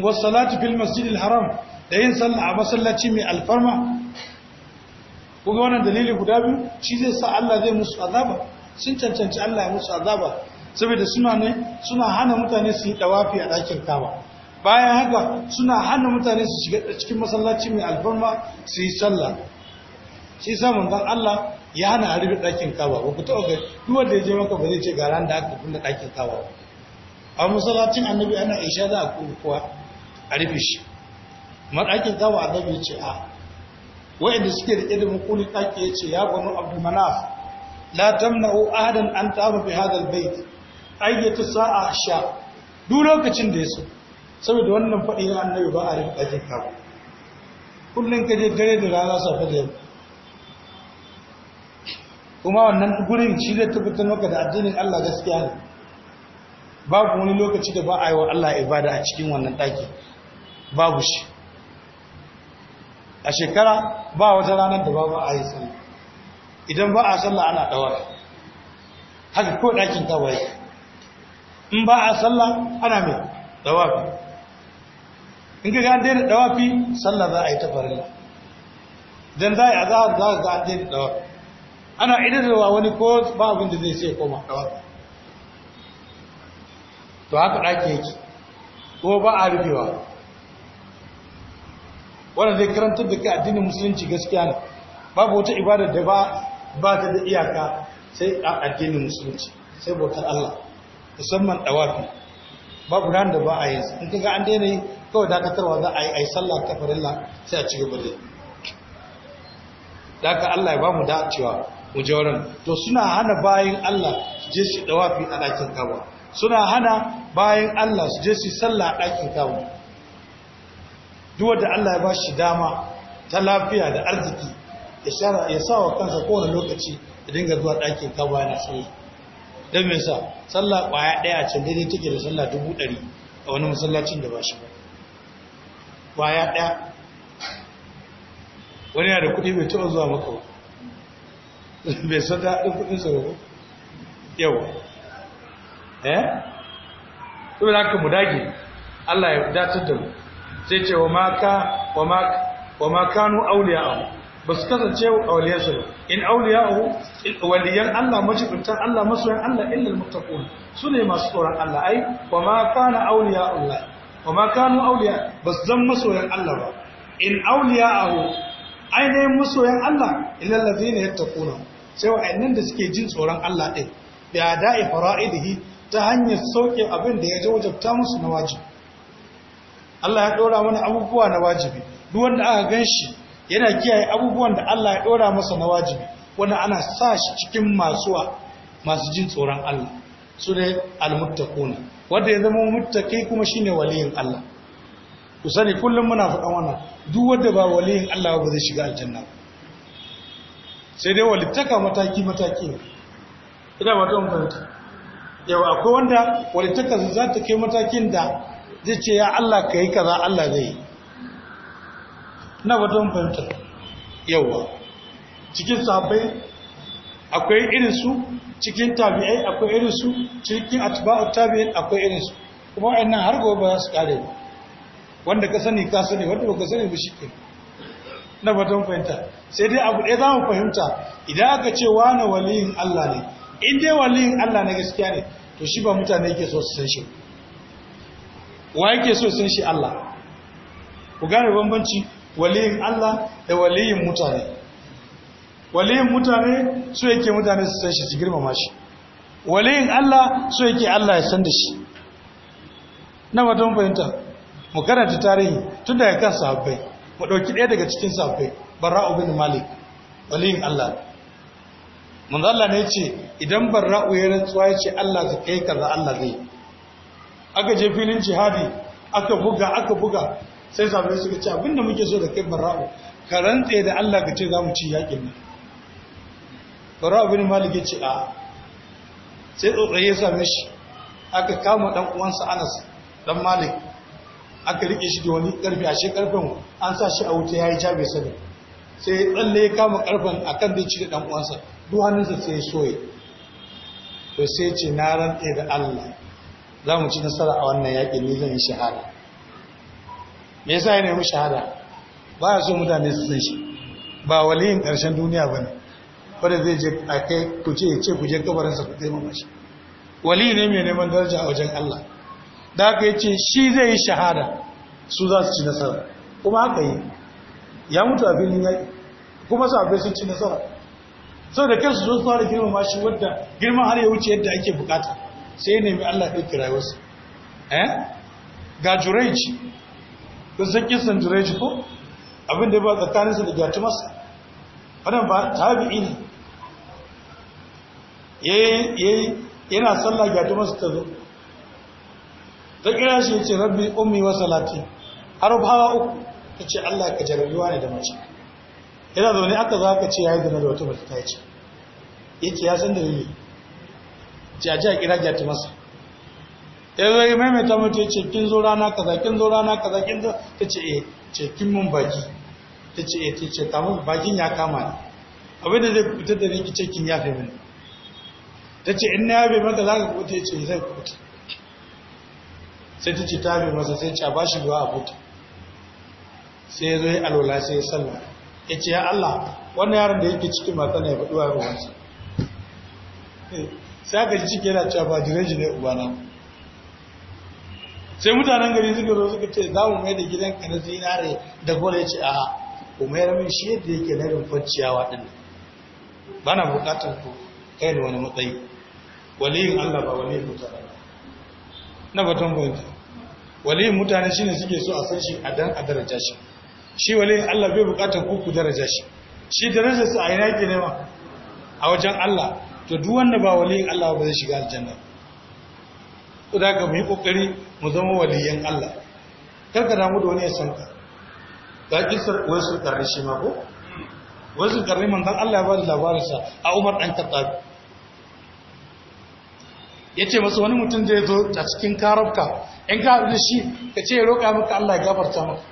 wa salatu fil masjid haram da yin sallah a masallaci mai alfarma kuga wannan dalili guda biyu shi zai sa Allah zai musu azaba sun cancanci Allah ya musu azaba saboda suna ne suna hana mutane su yi dawafi a ɗakin Ka'aba bayan haka suna hannun mutane su shiga cikin masallaci mai alfarma su yi sallah shi samun manzon Allah ya hana a rufe ɗakin kaba ba ku taɓa gari da ya je maka ba zai ce ga ran da aka kunna ɗakin kaba ba a masallacin annabi ana isha za a kuma kuwa a rufe shi mar ɗakin kaba a ya ce a wa'anda suke riƙe da makulin ɗaki ya ce ya banu abu manaf la tamna'u ahadan an ta'ama bi hadha al ayyatu sa'a sha duk lokacin da ya so saboda wannan faɗi na annabi ba a rinka jin ka kullum ka je dare da rana safe da yamma kuma wannan gurin shi zai tabbatar maka da addinin Allah gaskiya ne babu wani lokaci da ba a yi wa Allah ibada a cikin wannan ɗaki babu shi a shekara ba wata ranar da babu a yi sallah idan ba a sallah ana ɗawar haka ko ɗakin kawai in ba a sallah ana mai ɗawar in ka ga an daina dawafi sallah za a yi ta farilla dan za a yi azahar za a ga daina dawafi ana idarwa wani ko ba abin da zai sai koma dawafi to haka ɗaki yake ko ba a rubewa wannan zai karantar da kai addinin musulunci gaskiya ne babu wata ibada da ba ba ta da iyaka sai a addinin musulunci sai bautar Allah musamman dawafi babu ran da ba a yi in kaga an daina yi kawai dakatarwa za a yi ai sallah ta farilla sai a ci gaba da daga Allah ya ba mu dacewa mu to suna hana bayan Allah su je su dawafi a ɗakin kawo suna hana bayan Allah su je su sallah a ɗakin kawo duk Allah ya ba shi dama ta lafiya da arziki ya sa wa kansa kowane lokaci ya dinga zuwa ɗakin kawo yana tsaye don me sa sallah ƙwaya ɗaya can daidai take da sallah dubu ɗari a wani masallacin da ba shi ba kwaya ɗaya wani yana da kuɗi mai taɓa zuwa maka ba bai san daɗin kuɗin ba yau. eh? saboda haka mu dage Allah ya datar da mu sai ce wa maka wa makanu auliya'u ba su kasance su ba in auliya'u waliyan Allah majibintan Allah masoyan Allah illal muttaqun su ne masu tsoron Allah ai wa ma auliya auliya'u Allah wa ma kanu auliya ba su zan masoyan Allah ba in auliya aho ainihin masoyan Allah ilallazi ne ya takuna sai wa'annan da suke jin tsoron Allah ɗin da ya da'i fara'idihi ta hanyar sauƙin abin da ya ji wajabta musu na wajibi Allah ya ɗora mana abubuwa na wajibi duk wanda aka gan shi yana kiyaye abubuwan da Allah ya ɗora masa na wajibi wanda ana sa shi cikin masuwa masu jin tsoron Allah su ne almuttakuna wanda ya zama muttaqi kuma shine waliyin Allah ku sani kullum muna faɗa wannan duk wanda ba waliyin Allah ba zai shiga aljanna ba sai dai walittaka mataki mataki ne ina ba don fahimta yau akwai wanda walittaka za ta kai matakin da zai ce ya Allah ka yi kaza Allah zai na ba don fahimta yauwa cikin sabai akwai irin su cikin tabi'ai akwai irin su cikin atba'u tabi'in akwai irin su kuma wayannan har gobe ba za su kare ba wanda ka sani ka sani wanda ba ka sani ba shi na batun fahimta sai dai abu ɗaya za mu fahimta idan aka ce wani waliyin Allah ne in dai waliyin Allah na gaskiya ne to shi ba mutane yake so su san shi wa yake so san shi Allah ku gane bambanci waliyin Allah da waliyin mutane waliyin mutane su yake mutane su san shi su girmama shi waliyin Allah su yake Allah ya san da shi na wata fahimta mu karanta tarihi tun daga kan sahabbai mu dauki ɗaya daga cikin sahabbai barra'u bin malik waliyin Allah manzo Allah ne yace idan barra'u ya rantsuwa yace Allah zai kai kaza Allah zai aka je filin jihadi aka buga aka buga sai sahabbai suka ce abinda muke so da kai barra'u ka rantse da Allah ka ce za mu ci yakin nan bara abin malik ce a sai tsotsaye ya same shi aka kama dan uwansa anas dan malik aka rike shi da wani karfi a shekarfin an sa shi a wuta ya yi ja sani sai ya tsalle ya kama karfin a kan da ya cire dan uwansa duk hannunsa sai ya soye to sai ce na rantse da allah za mu ci nasara a wannan yaƙi ne zan yi shahada me yasa ya nemi shahada ba ya so mutane su san shi ba waliyin ƙarshen duniya ba ne wadda zai je a kai ku ce ce ku je kabarinsa ku taimama shi wali ne mai neman daraja a wajen Allah da aka yi ce shi zai yi shahada su za su ci nasara kuma haka yi ya mutu a filin yaƙi kuma su abai sun ci nasara sau da kansu zo fara girma shi wadda girman har ya wuce yadda ake bukata sai nemi Allah ya ɗauki rayuwarsa eh ga jureji kun san kisan ko abin da ba tsakaninsa da gatumarsa wannan ba tabi'i ne Eh, eh, yana sallah gyatu masu ta zo ta kira shi ce rabbi ummi wa salati har hawa uku ta ce Allah ka jarabiwa ne da mace yana zaune aka za ka ce ya yi zama da wata mace ta yi ce yake ya san da yi jaji a kira gyatu masa ya zai maimaita mutu ya ce kin zo rana kaza kin zo rana kaza kin zo ta ce eh ce kin mun baki ta ce eh ta ce ta mun bakin ya kama ne. abinda zai fitar da ni ki ce kin mini ta ce in na yabe mata za ka kuta ya ce zai kuta sai ta ce ta yabe masa sai ce ba shi ruwa a kuta sai ya zo ya alwala sai ya salla. ya ce ya Allah wani yaron da yake cikin mata na ya faɗi wa ruwansa sai aka ji ciki yana cewa ba jireji ne ubana sai mutanen gari suka zo suka ce za mu mai da ka na zinare da gole ya ce a ku mayar min shi yadda yake na rumfar ciyawa ɗin ba na buƙatar ku kai da wani matsayi waliyin Allah ba waliyin mutane na batun fahimta waliyin mutane shi ne suke so a san shi a dan a daraja shi shi waliyin Allah bai bukatar kuku ku daraja shi shi daraja su a ina yake nema a wajen Allah to duk wanda ba waliyin Allah ba zai shiga aljanna to da ka mu kokari mu zama waliyin Allah kar ka damu da wani ya san ka ga kisar wasu karshe ma ko wasu karni manzon Allah ya ba da labarinsa a Umar dan Khattab ya ce masu wani mutum zai zo a cikin karabka in ka da shi ka ce ya roƙa maka Allah ya gafarta maka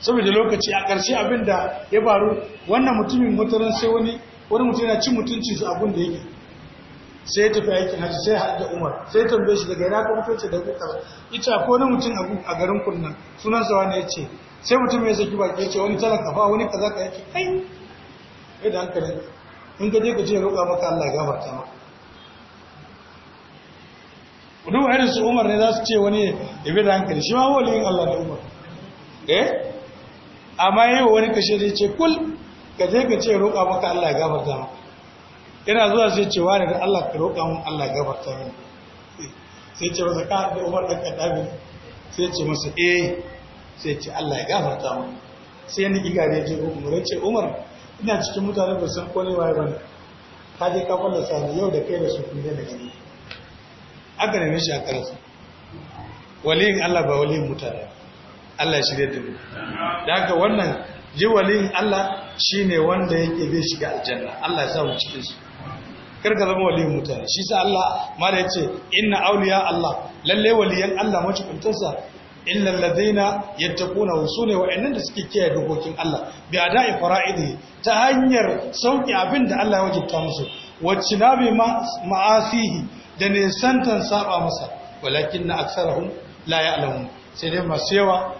saboda lokaci a ƙarshe abin da ya faru wannan mutumin mutaran sai wani wani mutum yana cin mutunci su abin da yake sai ya tafi aikin hajji sai haɗu da umar sai ya tambaye shi daga yana kuma ce da kuka ita ko wani mutum a garin kunna? sunan sa wani ya ce sai mutum ya saki baki ya ce wani talaka fa wani kaza ka yake kai kai da hankali in ka je ka ce roƙa maka Allah ya gabata maka duk irin su umar ne za su ce wani ibi da hankali shi ma waliyin Allah da umar eh amma yi wa wani kashe zai ce kul ka je ka ce roƙa maka Allah ya gafarta maka ina zuwa sai ce wani da Allah ka roƙa mun Allah ya gafarta min sai ce masa ka da umar da kadabi sai ce masa eh sai ce Allah ya gafarta mun sai ni igare je umar ce umar ina cikin mutane ba san kolewa ba ne ka je ka kwalla sani yau da kai da su kun da gani aka neme shi a kansa waliyin Allah ba waliyin mutane Allah ya shirya da mu da haka wannan ji waliyin Allah shi ne wanda yake zai shiga aljanna Allah ya sa mu cikin su karka zama waliyin mutane shi sa Allah ma da yace inna awliya Allah lalle waliyan Allah mace na illa alladhina yattaquna ne wa innan da suke kiyaye dokokin Allah bi ada'i fara'idihi ta hanyar sauki abin da Allah ya wajibta musu wacce nabi ma'asihi da nisantan saba masa walakin na aksarahum la alamu sai dai masu yawa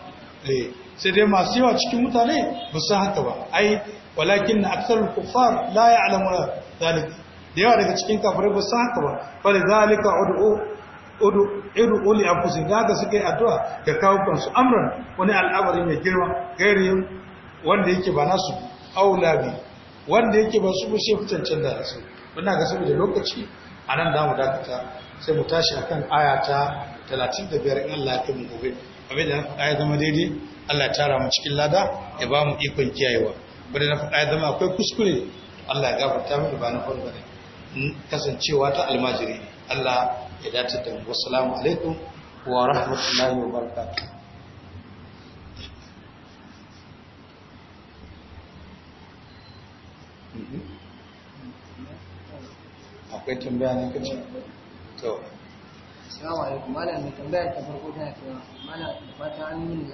eh, sai dai masu yawa cikin mutane ba su haka ba ai walakin na aksarul kuffar la na zalik da yawa daga cikin kafirai ba su haka ba bal zalika ud'u oli a uli anfusin da haka suka yi addu'a ga kawo su amran wani al'abari mai girma gairi wanda yake ba nasu aulabi wanda yake ba su bushe fitancen da su muna ga saboda lokaci a nan da mu dakata sai mu tashi akan aya ta 35 in Allah ya kai mu gobe abin da ya zama daidai Allah ya tara mu cikin lada ya ba mu ikon kiyayewa wanda na faɗa ya zama akwai kuskure Allah ya gafarta mu ba na farko kasancewa ta almajiri Allah ya dace da mu assalamu alaikum wa rahmatullahi wa barakatuh akwai tambaya ne kace to
assalamu alaikum malam ta farko ta cewa malam fata yi